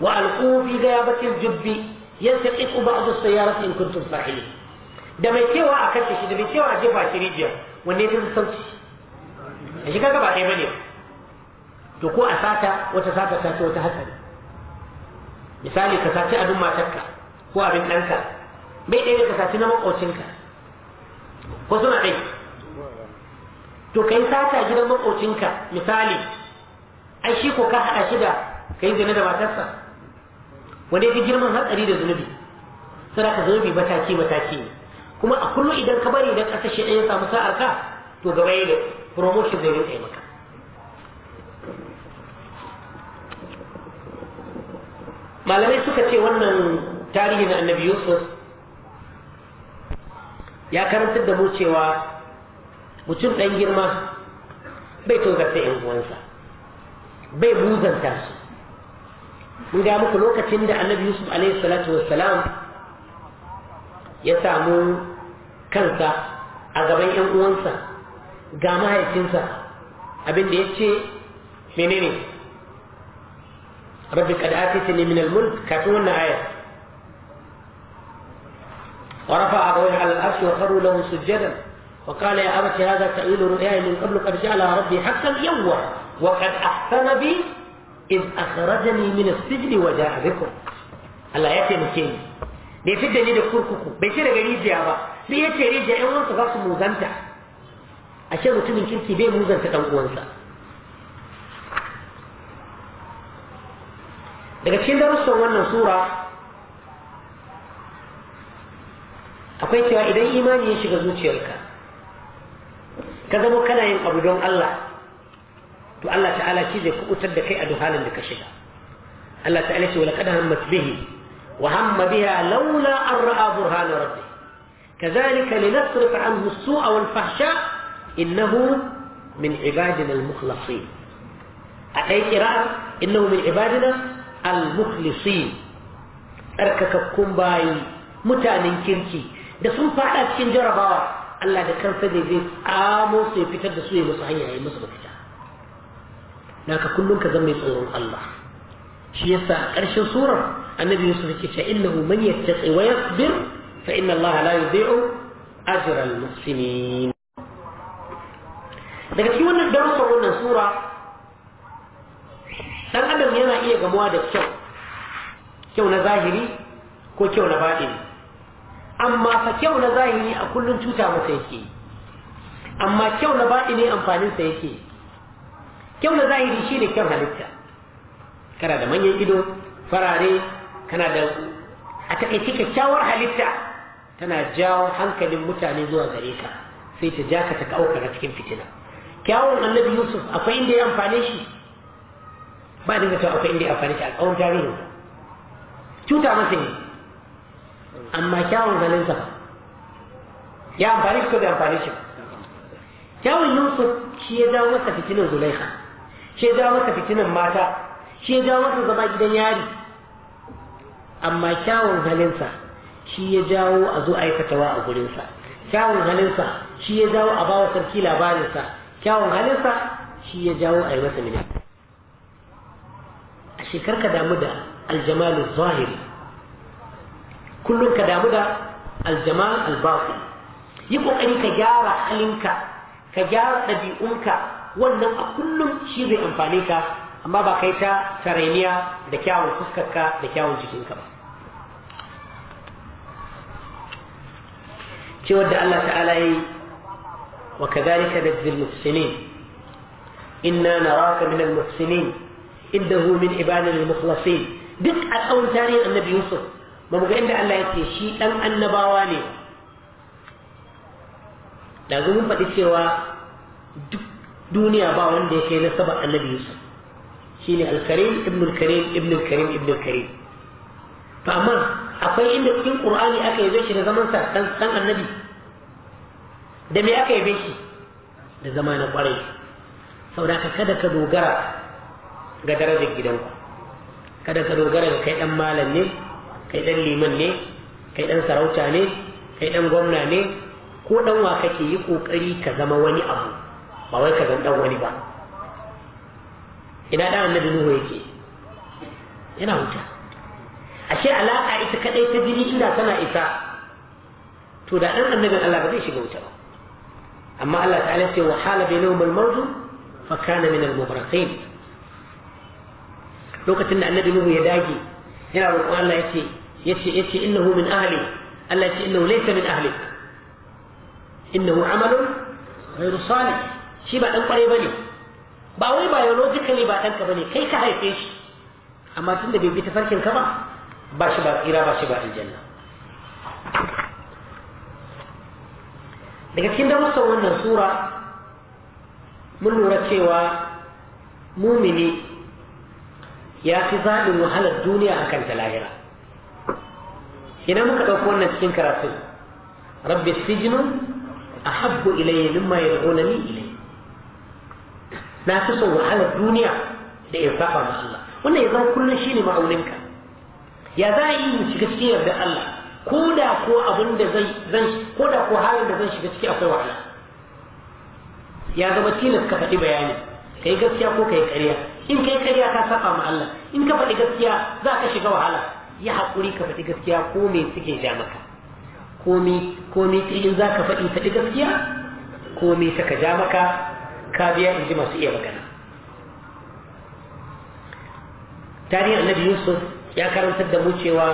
wa alqu fi ghayabatil jubbi yantaqiqu ba'd as-sayyarat in kuntum sahihin da mai cewa a kashe shi da mai cewa a jefa shi rijiya wanne ta sauci A shi kaga ba ɗaya bane to ko a sata wata sata ta ce wata hatsari misali ka saci abin matarka ko abin ɗanka bai ɗaya ka saci na maƙocinka ko suna ɗai to ka yi sata gidan maƙocinka misali ai shi ko ka haɗa shi da yi zane da matarsa wanda ya fi girman hatsari da zunubi sai ka zunubi mataki mataki ne kuma a kullum idan ka bari idan ƙasashe ɗaya ya samu sa'ar ka to gaba ya da promotion zai rinka maka malamai suka ce wannan tarihin annabi yusuf ya karantar da mu cewa mutum ɗan girma bai tozarta ‘yan uwansa bai buzanta su mun ga muku lokacin da annabi yusuf alaihi salatu wassalam ya samu kansa a gaban ‘yan uwansa ga mahaifinsa abin da ya ce menene rabbi kada ake ne min almulk kafin wannan ayar ورفع أبويه على العرش وخروا له سجدا وقال يا أبت هذا تأويل رؤياي من قبل قد جعلها ربي حقا يوه وقد أحسن بي إذ أخرجني من السجن وجاء بكم الله يتمكني bai fidda ni da kurkuku bai shi daga rijiya ba sai ya ce rijiya yan wansa za su muzanta a ashe mutumin kirki bai muzanta dan uwansa daga cikin darussan wannan sura akwai cewa idan imani ya shiga zuciyarka ka zama kana yin abu don Allah to Allah ta'ala shi zai kubutar da kai a duhalin da ka shiga Allah ta'ala ce wa laqad hammat bihi وهم بها لولا أن رأى برهان ربه كذلك لنصرف عنه السوء والفحشاء إنه من عبادنا المخلصين أي قراءة إنه من عبادنا المخلصين أركككم باي متانين كيركي da sun fada cikin jarabawa Allah da kansa ne zai tsamo su ya fitar da su ya musu hanya ya musu mafita naka kullum ka zama mai tsoron Allah shi yasa ƙarshen surar annabi yusuf yake cewa innahu man yattaqi wa yasbir fa inna allaha la yudhi'u ajra al-muhsinin daga cikin wannan darussan wannan sura dan adam yana iya gamuwa da kyau kyau na zahiri ko kyau na baɗini amma fa kyau na zahiri a kullum cuta masa yake amma kyau na baɗini amfaninsa yake kyau na zahiri shine kyan halitta kana da manyan ido farare tana da a takaice kyakkyawar halitta tana jawo hankalin mutane zuwa gare ka sai ta ja ka ta kaukara cikin fitina kyawun annabi yusuf akwai inda ya amfane shi ba da zata akwai inda ya amfane shi a tsawon tarihin cuta masa ne amma kyawun ganinsa sa ya amfane shi ko bai amfane shi kyawun yusuf shi ya jawo masa fitinan zulaiha shi ya jawo masa fitinan mata shi ya jawo masa zama gidan yari amma kyawun halinsa shi ya jawo a zo a yi fatawa a gurinsa kyawun halinsa shi ya jawo a bawa sarki labarinsa kyawun halinsa shi ya jawo a yi masa mini a shekar ka damu da aljamalu zahiri kullum ka damu da aljamal albafi yi kokari ka gyara halinka ka gyara ɗabi'unka wannan a kullum shi zai amfane ka amma ba kai ta tarayniya da kyawun fuskarka da kyawun jikinka ba ce wadda Allah ta'ala yi wa ka najzi al-muhsinin inna naraka min al-muhsinin indahu min Ibanin al duk a tsawon tarihin annabi Yusuf ba mu ga inda Allah ya ce shi dan annabawa ne da mun faɗi cewa duk duniya ba wanda ya kai nasaba annabi Yusuf shine al-karim ibn al-karim amma akwai inda cikin qur'ani aka yabe shi da zaman sa dan dan annabi da me aka yabe shi da zama na kwarai saboda ka kada ka dogara ga darajar gidanku kada ka dogara ga kai dan malam ne kai dan liman ne kai dan sarauta ne kai dan gwamna ne ko dan wa kake yi kokari ka zama wani abu ba wai ka zama wani ba ina dan annabi nuhu yake yana huta ashe alaka ita kadai ta jini inda tana isa to da dan annabin Allah ba zai shiga wuta ba amma Allah ta'ala ce wa hala bainahum al-mawju fa kana min al-mughraqin lokacin da annabi Nuhu ya dage yana roƙon Allah yace yace yace innahu min ahli Allah yace innahu laysa min ahli innahu amalun ghayru salih shi ba dan kware bane ba wai biologically ba danka bane kai ka haife shi amma tunda bai bi tafarkin ka ba ba shi ba tsira ba shi ba aljanna daga cikin darussan wannan sura mun lura cewa mumini ya fi zaɓin wahalar duniya a kanta lahira ina muka ɗauki wannan cikin karatun rabbi sijinu a habbu ilayya mimma yad'unani ilayhi na fi son wahalar duniya da in saba ma Allah wannan ya zama kullum shi shine ma'auninka ya za a yi mu shiga cikin yarda Allah ko da ko abin da zai zan ko da ko halin da zan shiga ciki akwai wahala ya zama tilas ka faɗi bayani kai gaskiya ko kai ƙarya in kai ƙarya ka saba ma Allah in ka faɗi gaskiya za ka shiga wahala ya haƙuri ka faɗi gaskiya ko me suke ja maka ko me komi komi in za ka faɗi faɗi gaskiya me suka ja maka ka biya in ji masu iya magana tarihin annabi yusuf ya karantar da mu cewa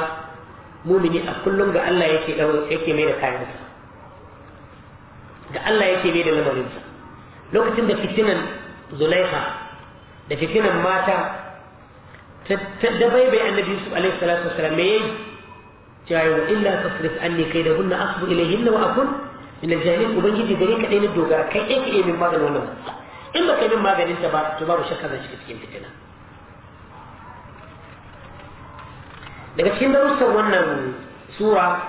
mumini a kullum ga Allah yake yake mai da kayansa ga Allah yake mai da lamarinsa lokacin da fitinan zulaiha da fitinan mata ta bai annabi yusuf alaihi salatu wasalam me yayi cewa illa tasrif anni kaidahunna asbu ilayhinna wa akun min al-jahilin ubangiji gare ka dai na dogara kai yake yi min maganin wannan in baka min maganin ta ba to babu shakka zan shiga cikin fitina daga cikin darussan wannan sura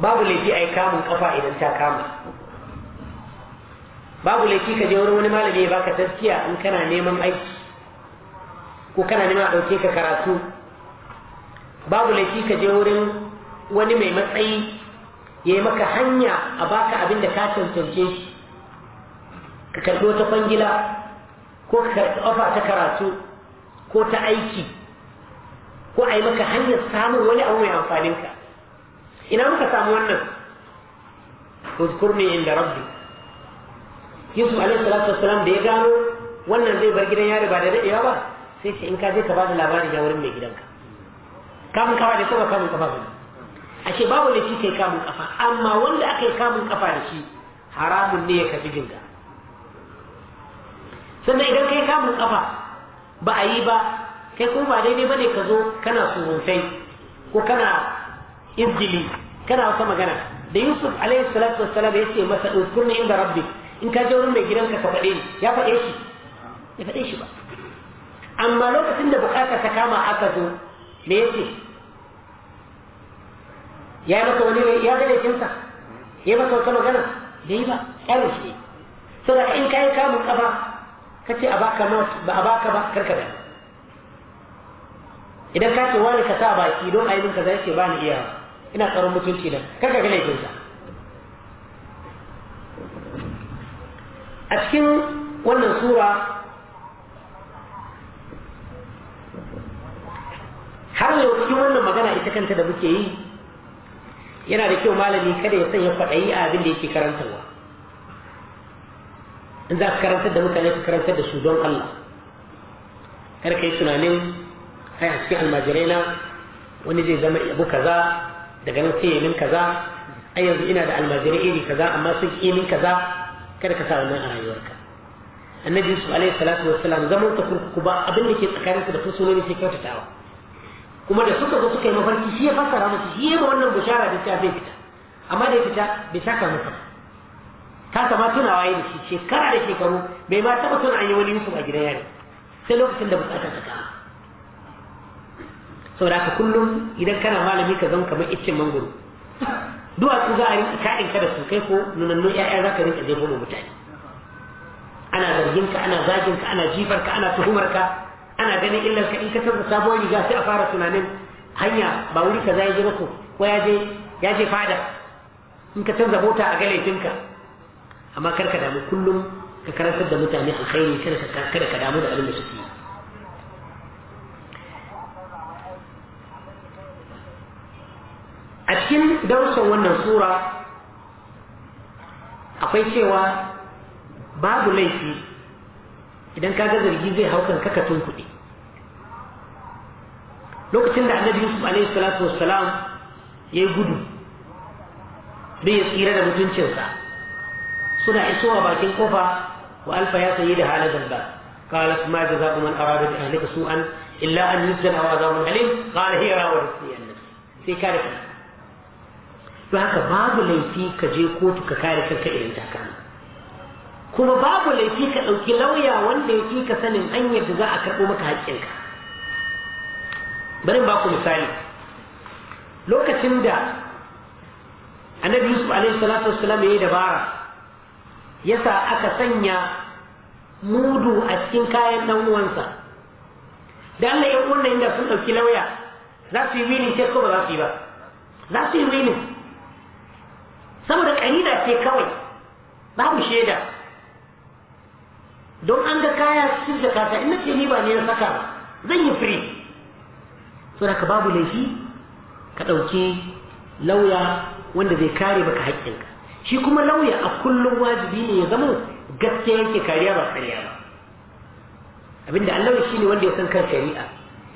babu laifi a yi kamun kafa idan ta kama babu laifi ka je wurin wani malami ya baka taskiya in kana neman aiki ko kana neman a ɗauke ka karatu babu laifi ka je wurin wani mai matsayi ya yi maka hanya a baka abin da ka cancance shi ka karɓi wata kwangila ko ka karɓi ta karatu ko ta aiki ko a yi maka hanyar samun wani abu mai amfaninka ina muka samu wannan uzkurni inda rabbi yusuf alaihi salatu wassalam da ya gano wannan zai bar gidan yari ba da daɗewa ba sai ce in ka je ka ba da labarin ya wurin mai gidanka kamun kafa da kuma kamun kafa ba ashe babu da shi kai kamun kafa amma wanda aka yi kamun kafa da shi haramun ne ya kafi jinga sannan idan kai kamun kafa ba a yi ba kai ko ba daidai ne ka zo kana surufai ko kana izgili kana wata magana da yusuf alaihi salatu wassalam ya ce masa ukurni inda rabbi in ka je wurin mai gidanka ka faɗe ya faɗe shi ya faɗe shi ba amma lokacin da bukatar ta kama aka zo me ce ya yi maka wani ya ga laifinsa ya yi maka wata magana da yi ba ƙyaro shi saboda in ka yi kamun ƙafa kace a baka not ba a baka ba karka da idan ka ce wani ka sa baki don ka zai ce ba ni iya ina tsaron mutunci da karka ga laifin sa a cikin wannan sura har yau cikin wannan magana ita kanta da muke yi yana da kyau malami kada ya sanya kwaɗayi a abin da yake karantarwa in za ka karantar da mutane ka karantar da su don Allah kar ka yi tunanin kai a cikin almajirai na wani zai zama abu kaza daga nan sai min kaza a yanzu ina da almajirai iri kaza amma sun yi min kaza kada ka sa wannan a rayuwarka annabi yusuf alaihi salatu wassalam zaman ta kurkuku ba abin da ke tsakaninsu da fursunoni sai kyautatawa kuma da suka zo suka yi mafarki shi ya fassara musu shi ya wannan bushara da ta zai fita amma da ya fita bai saka masa kasa ma tunawa waye da shi shekara da shekaru bai ma taɓa tuna an yi wani yusuf a gidan yari sai lokacin da bukatar ta kama saboda haka kullum idan kana malami ka zama kamar iccen mangoro duwatsu za a rinka kaɗin ka da su kai ko nunannun ƴaƴa za ka rinka jefo ma mutane ana zargin ka ana zagin ka ana jifar ka ana tuhumar ka ana ganin illar ka in ka canza sabuwar riga sai a fara tunanin hanya ba wuri ka ya ji ko ya je ya je fada in ka canza mota a laifinka amma kar ka damu kullum ka karantar da mutane alkhairi kada ka damu da abin da suke yi a cikin darussan wannan sura akwai cewa babu laifi idan ka ga zargi zai hau kan kakatun kuɗi lokacin da annabi yusuf alaihi salatu wassalam ya yi gudu bai ya tsira da mutuncinsa suna isowa bakin kofa wa alfa ya sayi da halin ba qalat ma jazaa'u man arada bi ahlika su'an illa an yusjana aw azabun alim qal hiya rawad siyan sai kare ka to haka babu laifi ka je kotu ka kare kanka irin taka kuma babu laifi ka dauki lauya wanda yake ka sanin hanyar da za a karbo maka haƙƙinka bari in ba misali lokacin da annabi yusuf alaihi salatu wassalam yayi dabara yasa aka sanya mudu a cikin kayan dan uwansa da Allah ya kunna inda sun dauki lauya za su yi wini ce ko ba za su yi ba za su yi wini saboda kanida ce kawai babu shaida don an ga kaya su da kasa ina ce ni ba ne na saka zan yi free so da ka babu laifi ka ɗauki lauya wanda zai kare baka haƙƙinka shi kuma lauya a kullum wajibi ne ya zama gaskiya yake kariya ba tsariya ba abinda Allah shi ne wanda ya san kan shari'a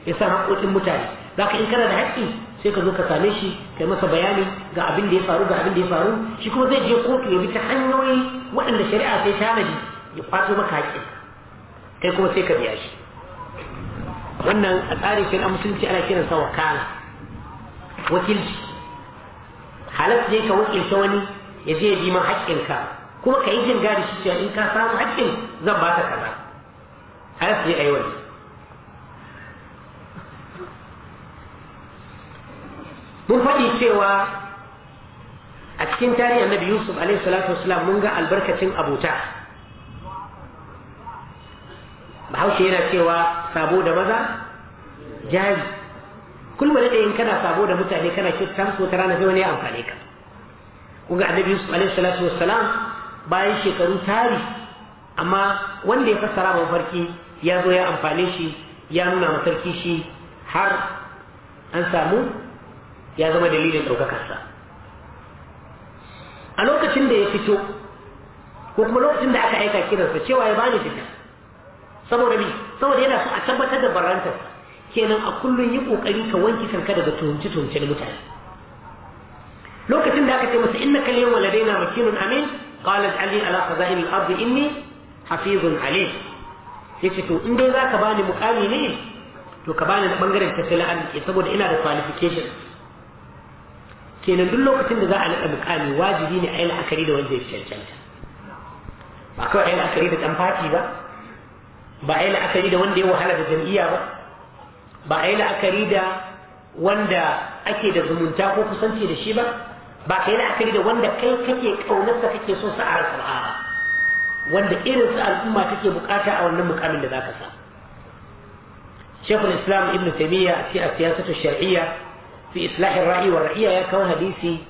ya san haƙoƙin mutane zaka in kana da haƙƙi sai ka zo ka same shi kai masa bayani ga abin da ya faru ga abin da ya faru shi kuma zai je kotu ya bi ta hanyoyi waɗanda shari'a sai tanadi ya kwato maka haƙƙin kai kuma sai ka biya shi wannan a tsarin shari'a musulunci ana sa wakala wakilci halas ne ka wakilta wani ya je ya bi ma haƙƙinka kuma ka yi jin gadi shi cewa in ka samu haƙƙin zan ba ka kaza a sai ai wani mun faɗi cewa a cikin tarihin annabi yusuf alaihi salatu wasalam mun ga albarkacin abota bahaushe yana cewa sabo da maza jari kullum da in kana sabo da mutane kana kyautar su wata rana zai wani amfane ka kuga annabi yusuf alaihi salatu wassalam bayan shekaru tari amma wanda ya fassara ma farki ya zo ya amfane shi ya nuna ma shi har an samu ya zama dalilin ɗaukakarsa a lokacin da ya fito ko kuma lokacin da aka aika kiransa cewa ya bani fita saboda bi saboda yana so a tabbatar da barantarsa kenan a kullum yi ƙoƙari ka wanki kanka daga tuhumci tuhumce mutane lokacin da aka ce masa innaka al-yawma ladaina makinun amin qala ali ala khaza'in al-ardi inni hafizun Ali. yace to in dai zaka bani mukami ne to ka bani na bangaren tattalin arziki saboda ina da qualification kenan duk lokacin da za a naɗa mukami wajibi ne a yi la'akari da wanda ya cancanta ba kawai a yi la'akari da ɗan fati ba ba a yi la'akari da wanda ya wahala da jam'iyya ba ba a yi la'akari da wanda ake da zumunta ko kusanci da shi ba ba ka yi la'akari da wanda kai kake kaunarsa kake so sa a ransa ba wanda irin su al'umma take bukata a wannan mukamin da zaka sa Sheikhul Islam Ibn Taymiyyah a cikin siyasatu shar'iyya fi islahin ra'i wa ra'iya ya kawo hadisi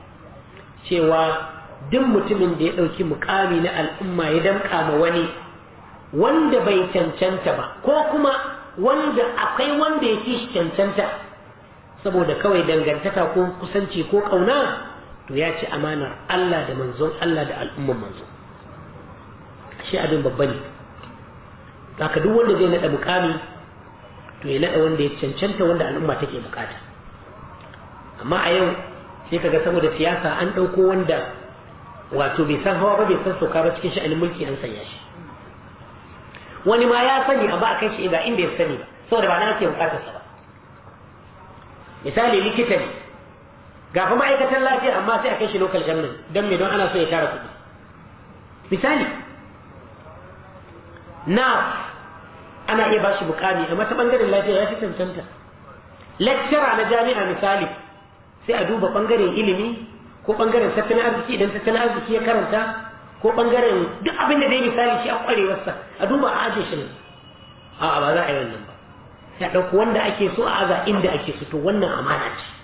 cewa duk mutumin da ya ɗauki mukami na al'umma ya damƙa ma wani wanda bai cancanta ba ko kuma wanda akwai wanda ya fi cancanta saboda kawai dangantaka ko kusanci ko ƙauna to ya ci amanar Allah da manzon Allah da al'umman manzo shi abin babba ne ka duk wanda zai naɗa mukami to ya naɗa wanda ya cancanta wanda al'umma take bukata amma a yau sai kaga saboda siyasa an ɗauko wanda wato bai san hawa ba bai san sauka ba cikin sha'anin mulki an sanya shi wani ma ya sani amma a kai shi ba inda ya sani ba saboda ba na ake bukatarsa ba misali likita ne ga fa ma'aikatan lafiya amma sai a kai shi lokal government don me don ana so ya tara kuɗi misali na ana iya ba shi bukami amma ta ɓangaren lafiya ya fi cancanta lecturer na jami'a misali sai a duba ɓangaren ilimi ko ɓangaren tattalin arziki idan tattalin arziki ya karanta ko ɓangaren duk abin da dai misali shi a kwarewarsa a duba a ajiye shi ne a'a ba za a yi wannan ba ya ɗauko wanda ake so a aza inda ake so to wannan amana ce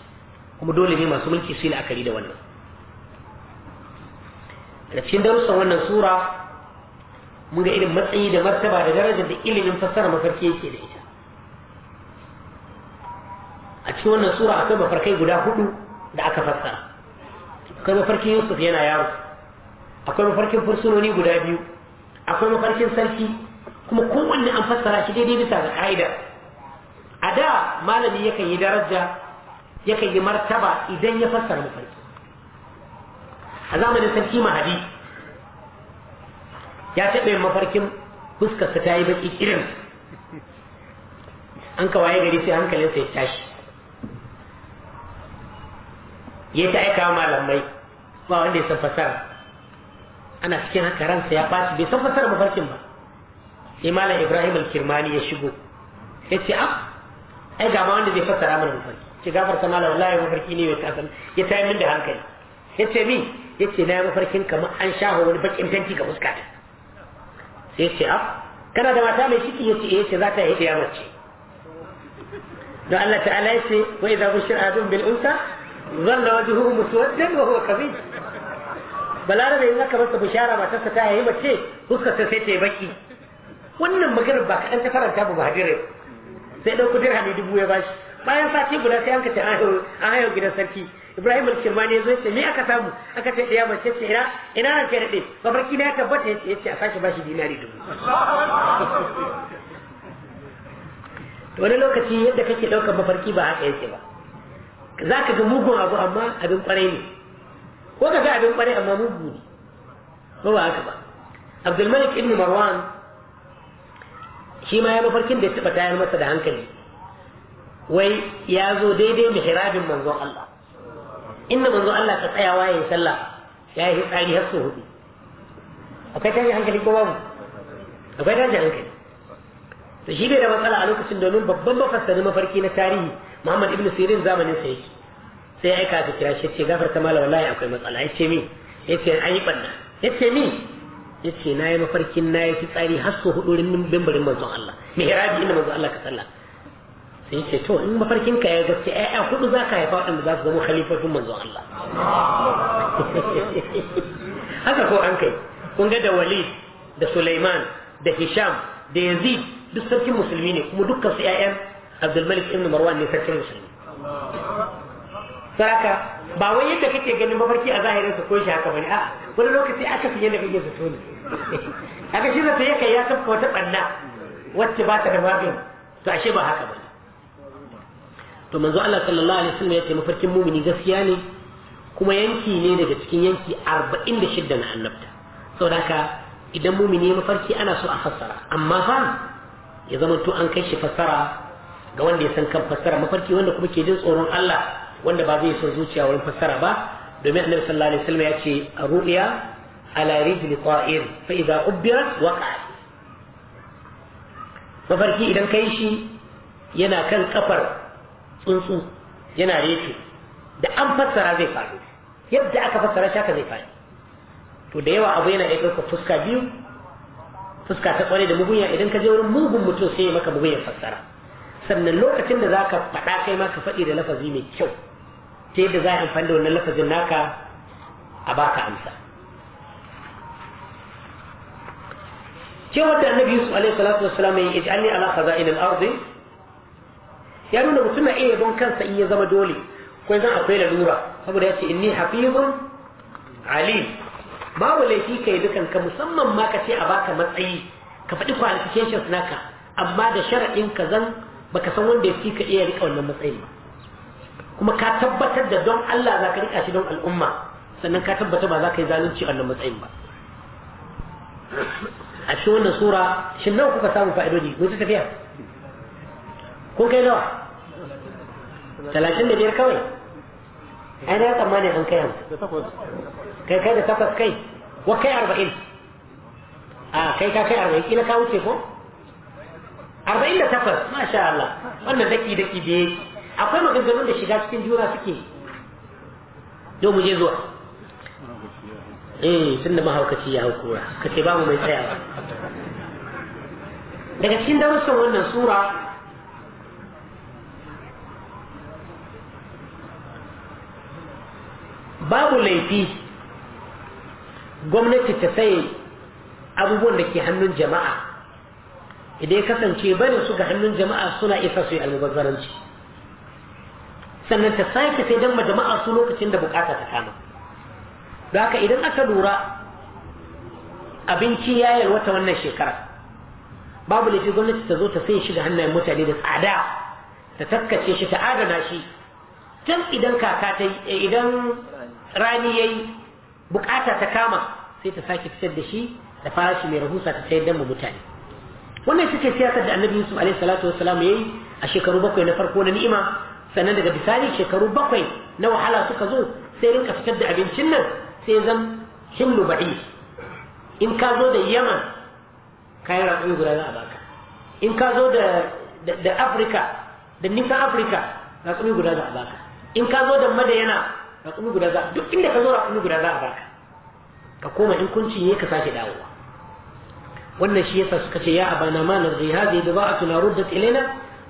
kuma dole ne masu mulki su yi la'akari da wannan da cikin darussan wannan sura mun ga irin matsayi da martaba da darajar da ilimin fassara mafarki yake da ita a cikin wannan sura akwai mafarkai guda hudu da aka fassara akwai mafarkin yusuf yana yaro akwai mafarkin fursunoni guda biyu akwai mafarkin sarki kuma kowanne an fassara shi daidai bisa ga ka'ida a da malami yakan yi daraja ya yi martaba idan ya fassara mafarki a zamanin sarki mahadi ya taɓa yin mafarkin fuskarsa ta yi baki irin an kawaye gari sai hankalinsa ya tashi ya ta aika malamai ba wanda ya san fasara ana cikin haka ransa ya ɓaci bai san fasara mafarkin ba sai malam ibrahim al-kirmani ya shigo ya ce a ah, ai ga ma wanda zai fassara mana mafarki ce gafarta malam wallahi mafarki ne mai kasan ya tayi min da hankali ya ce mi ya ce na yi mafarkin kamar an shaho wani bakin tanki ga fuskata sai ce a ah, kana da mata mai ciki ya ce eh, ya ce za ta yi ya mace don Allah ta'ala ya ce wa idza bushira adun bil unsa dhalla wajhuhu muswaddan wa huwa kabir balarabe in aka masa bishara matarsa ta yi mace ta sai ta yi baki wannan maganar ba kaɗan ta faranta ba ba hadirai sai ɗauko dirhami dubu ya bashi bayan sati guda sai an ka ce an hayo gidan sarki ibrahim al-kirmani yazo sai me aka samu aka ce da mace ce ina ina ran kai dade mafarki na ya tabbata yace yace a sashi bashi dinari dubu to wani lokaci yadda kake daukar mafarki ba haka yake ba za ka ga mugun abu amma abin kwarai ne ko ka ga abin kwarai amma mugu ne ko ba haka ba abdulmalik ibn marwan shi ma ya mafarkin da ya taɓa tayar masa da hankali wai ya zo daidai mihrabin manzon Allah inda manzon Allah ka tsaya waye sallah ya yi tsari har su hudu akwai tashi hankali ko babu akwai tashi hankali to shi bai da matsala a lokacin domin babban mafassari mafarki na tarihi Muhammad ibn Sirin zamanin sa yake sai ya aika ka kira shi ce gafarta mala wallahi akwai matsala ya ce min ya ce an yi banna ya ce min ya ce na yi mafarkin na yi fitsari har su hudu rin bimbarin manzon Allah mihrabi inda manzon Allah ka sallah sai ce to in mafarkin ka ya gaske ƴaƴa hudu za ka haifa waɗanda za su zama khalifofin manzo Allah haka ko an kai kun ga da Walid da Sulaiman da Hisham da Yazid duk sarkin musulmi ne kuma dukkan su ƴaƴan Abdul Malik ibn Marwan ne sarkin musulmi saraka ba wai yadda kake ganin mafarki a zahirin su ko shi haka bane a wani lokaci aka fi yadda kake zato ne haka shi zata yake ya kafa wata banna wacce ba ta da magani to ashe ba haka bane to manzo Allah sallallahu alaihi wasallam ya mafarkin mumini gaskiya ne kuma yanki ne daga cikin yanki 46 na annabta saboda haka idan mumini mafarki ana so a fassara amma fa ya zama to an kai shi fassara ga wanda ya san kan fassara mafarki wanda kuma ke jin tsoron Allah wanda ba zai son zuciya wurin fassara ba domin annabi sallallahu alaihi wasallam ya ce ru'ya ala rijli qa'ir fa idza ubbirat waqa mafarki idan kai shi yana kan kafar tsuntsu yana reto da an fassara zai faru yadda aka fassara shaka zai faru to da yawa abu yana ɗaukar fuska biyu fuska ta kware da mugunya idan ka je wurin mugun mutum sai ya maka mugunyar fassara sannan lokacin da za ka faɗa kai ma ka faɗi da lafazi mai kyau ta yadda za a amfani da wannan lafazin naka a baka amsa cewar da annabi yusuf alaihi salatu wassalam ya yi ij'alni ala khaza'in al-ardi ya nuna mutum na iya yabon kansa in ya zama dole ko zan akwai lalura saboda ya ce inni hafizun alim babu laifi kai dukan ka musamman ma ka ce a baka matsayi ka faɗi qualifications naka amma da sharaɗin ka zan baka san wanda ya fi ka iya rika wannan matsayin kuma ka tabbatar da don Allah za ka rika shi don al'umma sannan ka tabbata ba za ka yi zalunci a wannan matsayin ba a cikin wannan sura shin nawa kuka samu fa'idodi ko ta tafiya ko kai nawa talatin da biyar kawai ai na tsammani an kai kai kai da takwas kai wa kai arba'in a kai ka kai arba'in kila ka wuce ko arba'in da takwas masha Allah wannan daki daki da yake akwai maganganun da shiga cikin jura suke yau mu je zuwa eh tunda mahaukaci ya haukura ka ce ba mu mai tsayawa daga cikin darussan wannan sura babu laifi gwamnati ta sai abubuwan da ke hannun jama'a idan ya kasance barin su ga hannun jama'a suna isa su yi almubazzaranci sannan ta sake sai don jama'a su lokacin da bukata ta kama da haka idan aka lura abinci ya wata wannan shekara babu laifi gwamnati ta zo ta sai shi hannayen mutane da tsada ta taskace shi ta adana shi tun idan kaka ta eh, idan rani ya yi bukata ta kama sai ta sake fitar da shi da farashi mai rahusa ta sayar dan mutane wannan suke siyasar da annabi yusuf alaihi salatu ya yi a shekaru bakwai na farko na ni'ima sannan daga bisani shekaru bakwai na wahala suka zo sai rinka fitar da abincin nan sai zan hillu ba'i in ka zo da yaman kayan raƙumi guda za a baka in ka zo da afirka da nisan afirka raƙumi guda za a baka in ka zo da madayana raƙumi guda za duk inda ka zo raƙumi guda za a baka ka koma in kunci ne ka sake dawowa wannan shi yasa suka ce ya abana ma narzi hadhihi bida'atuna ruddat ilaina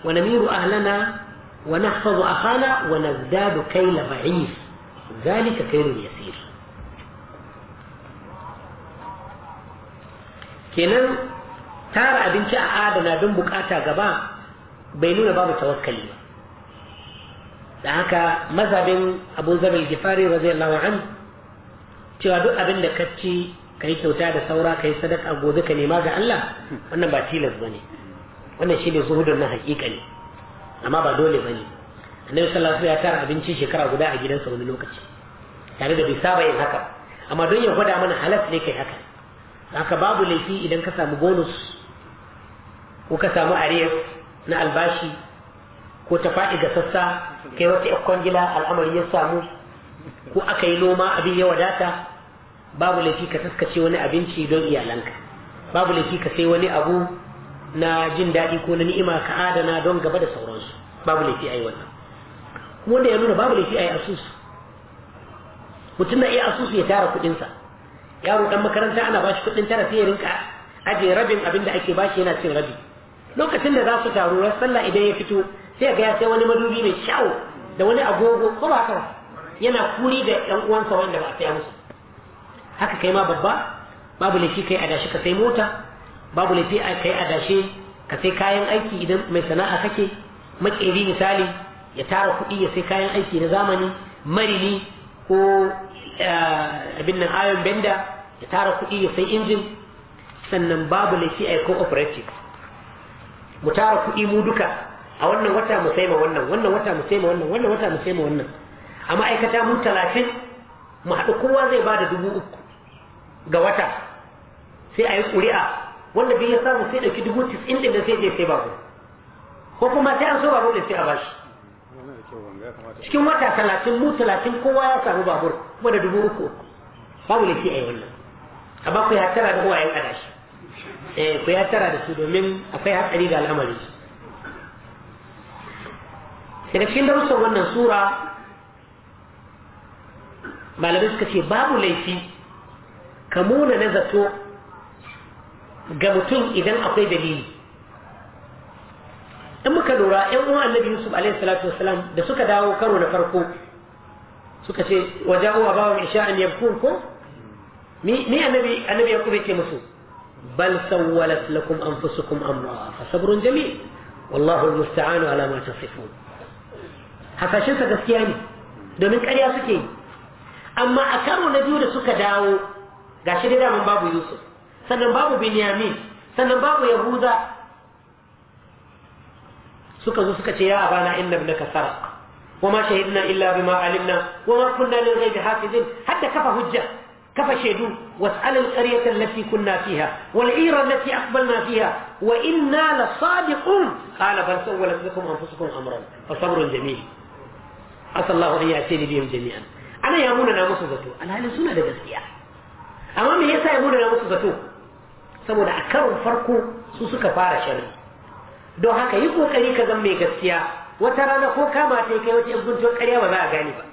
wa namiru ahlana wa nahfazu akhana wa nazdadu kayla ba'if dhalika kayrun yasir kenan tara abinci a adana don bukata gaba bai nuna babu tawakkali ba da haka mazhabin abu zabil gifari radiyallahu an cewa duk abin da ka ci ka yi kyauta da saura ka yi sadaka gobe ka nema ga Allah wannan ba tilas bane wannan shi ne zuhudun na hakika ne amma ba dole bane annabi sallallahu alaihi ya tara abinci shekara guda a gidansa wani lokaci tare da bai saba yin haka amma don ya gwada mana halas ne kai haka haka babu laifi idan ka samu bonus ko ka samu ariyar na albashi ko ta faɗi ga sassa kai wata ikon gila al'amari ya samu ko aka yi noma abin ya wadata babu laifi ka taskace wani abinci don iyalanka babu laifi ka sai wani abu na jin daɗi ko na ni'ima ka adana don gaba da sauransu babu laifi a yi wannan wanda ya nuna babu laifi a yi asusu mutum na iya asusu ya tara kuɗinsa yaro ɗan makaranta ana ba shi kuɗin tara sai ya rinka ajiye rabin abin da ake bashi yana cin rabi lokacin da za su taru sallah idan ya fito sai ga ya sai wani madubi mai shawo da wani agogo ko ba haka yana kuri da yan uwansa wanda ba a saya musu haka kai ma babba babu laifi kai adashi ka sai mota babu laifi kai adashi ka sai kayan aiki idan mai sana'a kake makeri misali ya tara kuɗi ya sai kayan aiki na zamani marini ko eh, abin nan ayon benda ya tara kuɗi ya sai injin sannan babu laifi a ko operative mu tara kuɗi mu duka a wannan wata mu sai ma wannan wannan wata mu sai ma wannan wannan wata mu sai ma wannan a ma'aikata mu talatin mu haɗu kowa zai ba da dubu uku ga wata sai a yi ƙuri'a wanda bai ya samu sai ɗauki dubu tis'in ɗin da sai je sai babu ko kuma sai an so babur da sai a bashi cikin wata talatin mu talatin kowa ya samu babur kuma da dubu uku babu laifi a yi wannan amma ku ya tara da kowa uwayen adashi eh, ku ya tara da su domin akwai hatsari ga al'amari daga cikin darussan wannan sura malamai suka ce babu laifi ka muna na zato ga mutum idan akwai dalili in muka lura yan uwan annabi yusuf alaihi salatu wasalam da suka dawo karo na farko suka ce waje uwa bawa isha sha'an yabkun ko ni annabi annabi ya kuma ce musu bal sawwalat lakum anfusukum amra fa sabrun jami' wallahu almusta'anu ala ma tasifun hasashensa gaskiya ne domin karya suke yi amma a karo na biyu da suka dawo ga shi da daman babu yusuf sannan babu binyamin sannan babu Yahuza, suka zo suka ce ya abana inna bi nakasara wa ma shahidna illa bima alimna wa ma kunna lil ghaibi hafizin hatta kafa hujja kafa shaidu was'al al qaryata allati kunna fiha wal ira allati aqbalna fiha wa inna la sadiqun qala bal sawwalat lakum anfusukum amran fa sabrun jamil asallahu an ya'tini bihim jami'an ana ya muna na musu zato alhalin suna da gaskiya amma me yasa ya muna na musu zato saboda a karon farko su suka fara sharri don haka yi kokari ka zan mai gaskiya wata rana ko kama ta kai wata guntun ƙarya ba za a gane ba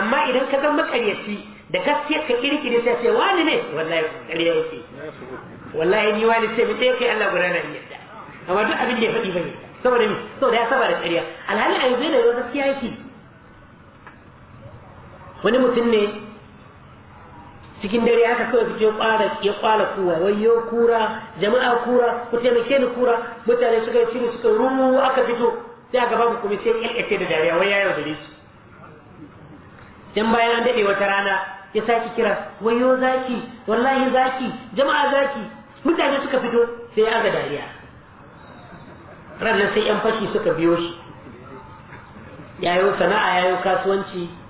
amma idan ka zan makaryaci da gaskiya ka kirkire sai sai wani ne wallahi ƙarya yake wallahi ni wani sai mu kai Allah guda na yadda amma duk abin da ya faɗi bane saboda ni saboda ya saba da ƙarya alhali a yanzu da gaskiya yake wani mutum ne cikin dare aka kawai fito ya kwara kuwa wayo kura jama'a kura ku taimake ni kura mutane suka yi cire suka rumu aka fito sai a gaba kuma sai ya da dariya wai ya yaudare su dan bayan an daɗe wata rana ya saki kira wayo zaki wallahi zaki jama'a zaki mutane suka fito sai ya ga dariya ranar sai yan fashi suka biyo shi yayo sana'a yayo kasuwanci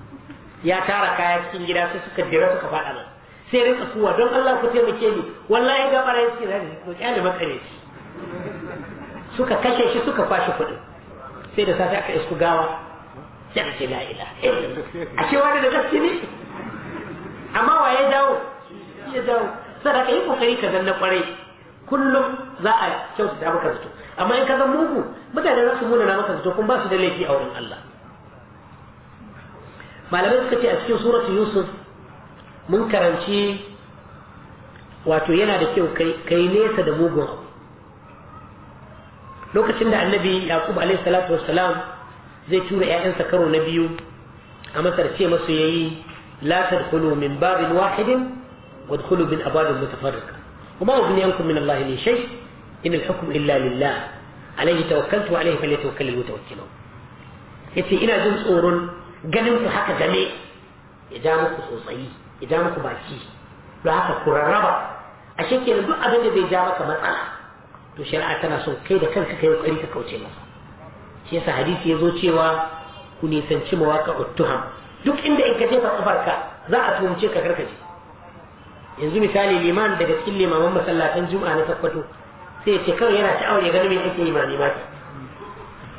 ya tara kaya cikin gida sai suka dira suka faɗa nan sai rika kuwa don Allah ku taimake ni wallahi ga barayin suke zai ku kyale makare shi suka kashe shi suka kwashe kuɗin sai da safe aka isku gawa sai a ce la ila a ce wani da gaske ne amma wa ya dawo ya dawo sadaka yi kokari ka zanna kwarai kullum za a kyautata maka zato amma in ka zan mugu mutane za su muna maka zato kun ba su da laifi a wurin Allah malamai suka ce a cikin suratu yusuf mun karanci wato yana da kyau kai nesa da mugun lokacin da annabi yaqub alaihi salatu wassalam zai tura 'ya'yansa karo na biyu a masar ce masu yayi la tadkhulu min babin wahidin wadkhulu min ababin mutafarriqa وما يغنيكم من الله من شيء إن الحكم إلا لله عليه توكلت وعليه فليتوكل المتوكلون yace ina jin tsoron ganin ku haka game ya ja muku tsotsayi ya ja muku baki don haka ku rarraba a shekenan duk abin da zai ja maka matsala to shari'a tana so kai da kanka kai kokari ka kauce masa shi yasa hadisi ya zo cewa ku nisanci mawaka uttuham duk inda in ka jefa kafarka za a tuhumce ka karkace yanzu misali liman daga cikin limaman masallatan juma'a na sakkwato sai ya ce kawai yana ta ya gani mai ake yi ma limaki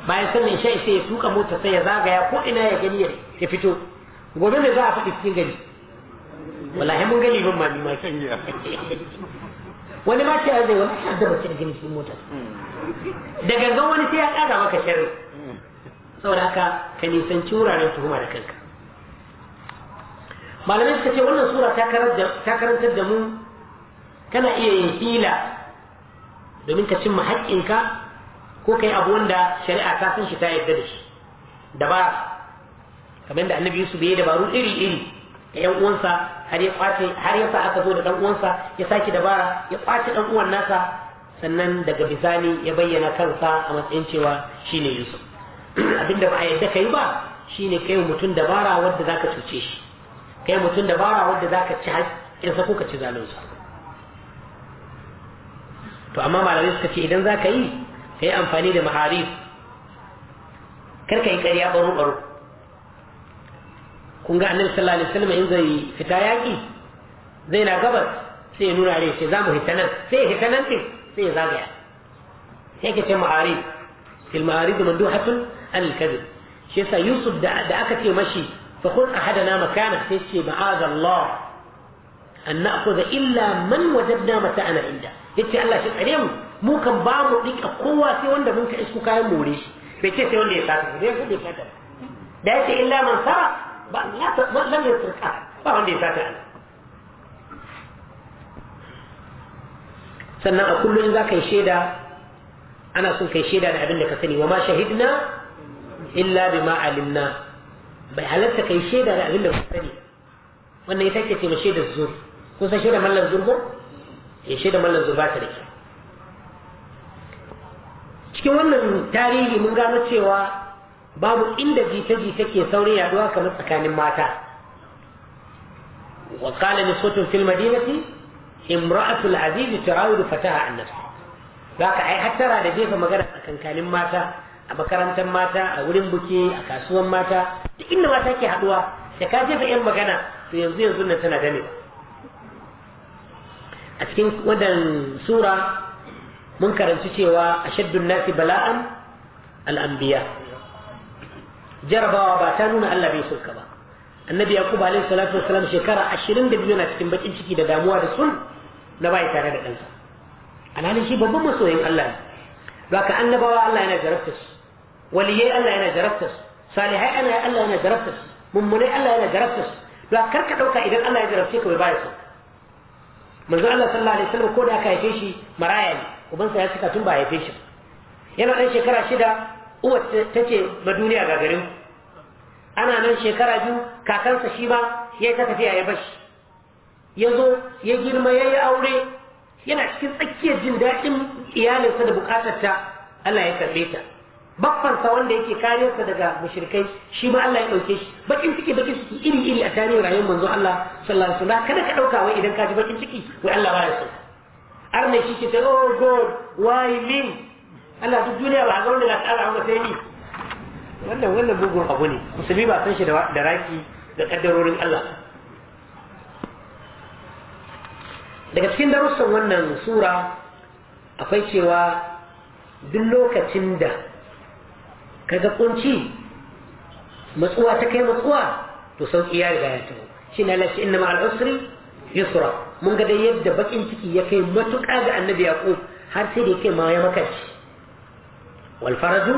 bayan sannan sha'i sai ya tuka mota sai ya zagaya ko ina ya gani ya fito gobe mai za a faɗi cikin gani? wallahi mun gani ban ma ma wani ma ce zai wani shi da bace da gani cikin mota da gangan wani sai ya ƙara maka sharri saboda haka ka nisanci wuraren tuhuma da kanka malamai suka ce wannan sura ta karantar da mu kana iya yin hila domin ka cimma haƙƙinka ko kai abu wanda shari'a ta san shi ta yarda da shi dabara kamar da annabi yusuf ya yi dabaru iri iri da yan uwansa har ya kwace har ya sa aka zo da dan uwansa ya saki dabara ya kwace dan uwan nasa sannan daga bisani ya bayyana kansa a matsayin cewa shine yusuf abinda ba a yarda kai ba shine kai mutum dabara wanda zaka cuce shi kai mutum dabara wanda zaka ci haƙƙinsa ko ka ci zalunsa to amma malamai suka ce idan zaka yi kai amfani da maharif kar ka yi ƙarya baro-baro kun ga annabi sallallahu alaihi wasallam in zai fita yaki zai na gabas sai ya nuna rai sai za mu hita nan sai ya hita nan ɗin sai ya zagaya sai ka ce maharif fil maharif manduhatun anil kadhib shi yasa yusuf da aka ce mashi fa kun ahadana makana sai ce ma'azallah an na'khudha illa man wajadna mata'ana inda yace Allah shi tsare mu mu kan ba mu dika kowa sai wanda mun ka isku kayan more shi bai ce sai wanda ya sata bai sai bai sata da yake illa man sara ba la ta lam yasrika ba wanda ya sata sannan a kullum za ka sheda shaida ana son kai shaida da abin da ka sani wa ma shahidna illa bima alimna bai halatta kai shaida da abin da ka sani wannan ita ce ce shaida zur kun san shaida mallan zur ko ya eh, shaida mallan zur ba ta da kyau cikin wannan tarihi mun gano cewa babu inda jita-jita ke saurin yaduwa kamar tsakanin mata wa kala nisotun fil madinati imra'atul aziz tarawidu fataha an nafsi zaka ai hattara da jefa magana kankanin mata a makarantar mata a wurin buki a kasuwan mata duk inda mata ke haduwa da ka jefa yan magana to yanzu yanzu nan tana gane a cikin wadan sura mun karanci cewa ashaddun nasi bala'an al'ambiya jarabawa ba ta nuna Allah bai sulka ba annabi yaqub alaihi salatu wassalam shekara ashirin da biyu na cikin bakin ciki da damuwa da sun na bai tare da ɗansa alhalin shi babban masoyin Allah ne ba ka annabawa Allah yana jarabta su waliyai Allah yana jarabta su salihai Allah yana jarabta su mummunai Allah yana jarabta su ba kar ka ɗauka idan Allah ya jarabce ka bai baya su manzo Allah sallallahu alaihi wasallam ko da aka haife shi maraya ne ubansa ya cika tun ba haife shi yana ɗan shekara shida uwa ta ce ba duniya garin ana nan shekara biyu kakansa shi ma ya ta tafiya ya bashi ya zo ya girma ya yi aure yana cikin tsakiyar jin daɗin iyalinsa da bukatar ta, Allah ya karɓe ta baffansa wanda yake kariyarsa daga mushrikai shi ma Allah ya ɗauke shi bakin ciki bakin ciki iri iri a tarihin rayuwar manzo Allah sallallahu alaihi wasallam kada ka ɗauka wai idan ka ji bakin ciki wai Allah ba ya so arne shi ke tare oh god why me Allah duk duniya ba ga wanda na tsara amma sai ni wannan wannan bugun abu ne musulmi ba san shi da raki da kaddarorin Allah daga cikin darussan wannan sura akwai cewa duk lokacin da kaga kunci matsuwa ta kai matsuwa to sauki ya riga ya taho shi na lashe inna ma'al usri yusra mun ga dai yadda bakin ciki ya kai matuƙa ga annabi yaqub har sai da yake ma ya makaci wal faraju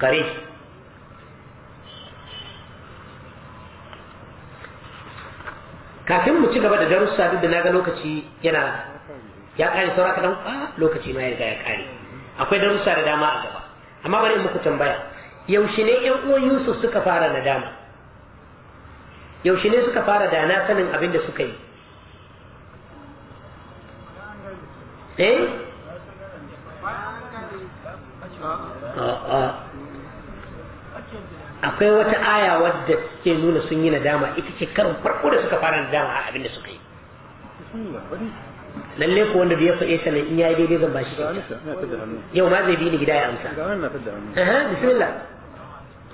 kare kafin mu ci gaba da darussa duk da na ga lokaci yana ya kare saura kaɗan lokaci ma ya riga ya kare akwai darussa da dama a gaba amma bari in muku tambaya yaushe ne yan uwan yusuf suka fara nadama yaushe ne suka fara dana sanin abin da suka yi Eh? akwai wata aya wadda ke nuna sun yi nadama ita ce karin farko da suka fara nadama a abin da suka yi lalle ko wanda ya faɗe sanin in yayi daidai zan bashi yau ma zai bi ni gida ya amsa aha bismillah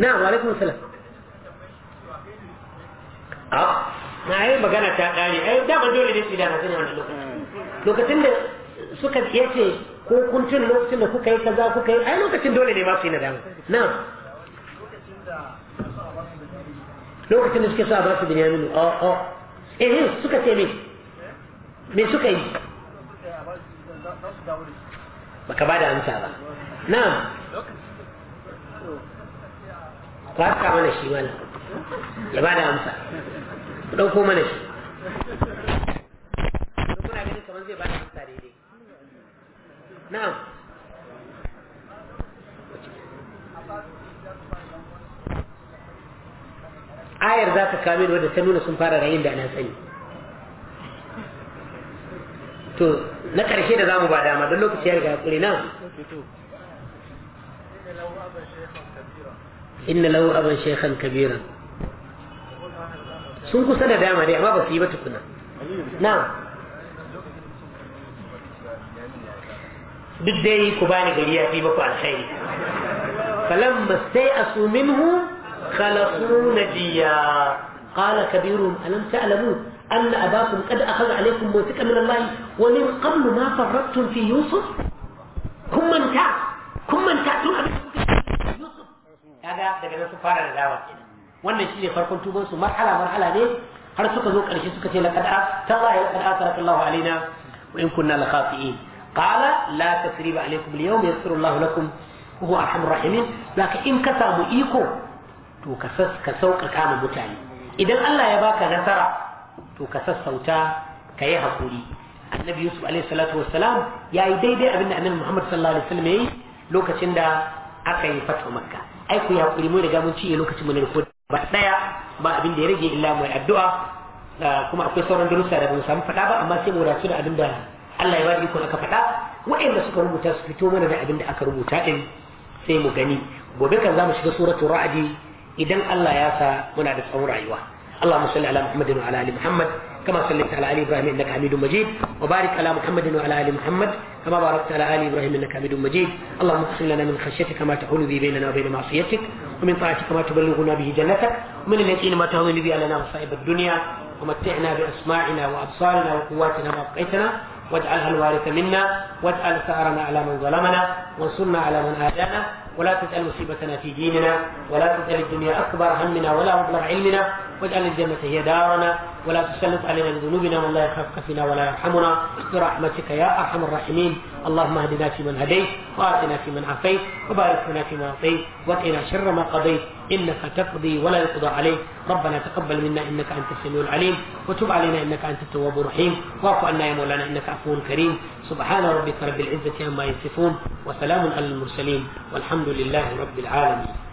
na wa alaikum salam a ah, na yi magana ta kare ai dama dole ne su da na sani wannan lokacin lokacin da suka ce ko kun tun lokacin da kuka yi kaza kuka yi ai lokacin dole ne ma su yi na dama na lokacin da suke sa ba su binyamin a oh, a oh. eh suka ce me me suka yi baka ba da amsa ba na kwata mana shi mana ya ba da amsa ku ɗauko mana shi kuna ganin kamar zai ba da amsa daidai نعم ayar za ka kame wadda ta nuna sun fara rayin da na sani to na ƙarshe da zamu ba dama don lokaci ya riga ya ƙure na inna lahu aban shaykhan kabiran sun kusa da dama dai amma ba su yi ba tukuna na'am بدي كوباني غليا في بفو الخير فلما استيأسوا منه خلصوا نجيا قال كبيرهم ألم تعلموا أن أباكم قد أخذ عليكم موثقا من الله ومن قبل ما فرطتم في يوسف كم من تعب كم من تعب هذا دقا نسو فارا لداوة وانا شيري فرقون توبا مرحلة مرحلة ليه هل سوك ذوك أنشي لقد أعطى الله لقد أعطى الله علينا وإن كنا لخاطئين qala la tasriba alaikum al-yawm yassiru Allahu lakum wa huwa arhamur zaka in ka samu iko to ka ka sauƙaƙa ma mutane idan Allah ya baka nasara to ka sassauta ka yi hakuri annabi yusuf alaihi ya yi daidai abinda da annabi muhammad sallallahu alaihi ya yi lokacin da aka yi fatu makka ai ya hakuri mu riga mun ci lokacin mu ne ko ba ba ya rage illa mai addu'a ah, kuma akwai sauran darussa da ba mu samu faɗa ba amma sai mu rasu da abin da Allah ya ba iko aka faɗa waɗanda suka rubuta su fito mana da abin da aka rubuta din sai mu gani gobe kan zamu shiga suratul ra'di idan Allah ya sa muna da tsawon rayuwa اللهم صل على محمد وعلى ال محمد كما صليت على ال ابراهيم انك حميد مجيد وبارك على محمد وعلى ال محمد كما باركت على ال ابراهيم انك حميد مجيد اللهم اغفر لنا من خشيتك ما تحول به بيننا وبين معصيتك ومن طاعتك ما تبلغنا به جنتك ومن اليقين ما تهون به لنا مصائب الدنيا ومتعنا باسماعنا وابصارنا وقواتنا ما واجعلها الوارث منا واجعل ثأرنا على من ظلمنا وانصرنا على من آذانا ولا تجعل مصيبتنا في ديننا ولا تجعل الدنيا أكبر همنا ولا مبلغ علمنا واجعل الجنة هي دارنا ولا تسلط علينا بذنوبنا من لا يخافك فينا ولا يرحمنا برحمتك يا أرحم الراحمين اللهم اهدنا فيمن هديت وآتنا فيمن عافيت وبارك لنا فيما أعطيت وقنا شر ما قضيت إنك تقضي ولا يقضى عليك ربنا تقبل منا إنك أنت السميع العليم وتب علينا إنك أنت التواب الرحيم واعف عنا يا مولانا إنك عفو كريم سبحان ربك رب العزة عما يصفون وسلام على المرسلين والحمد لله رب العالمين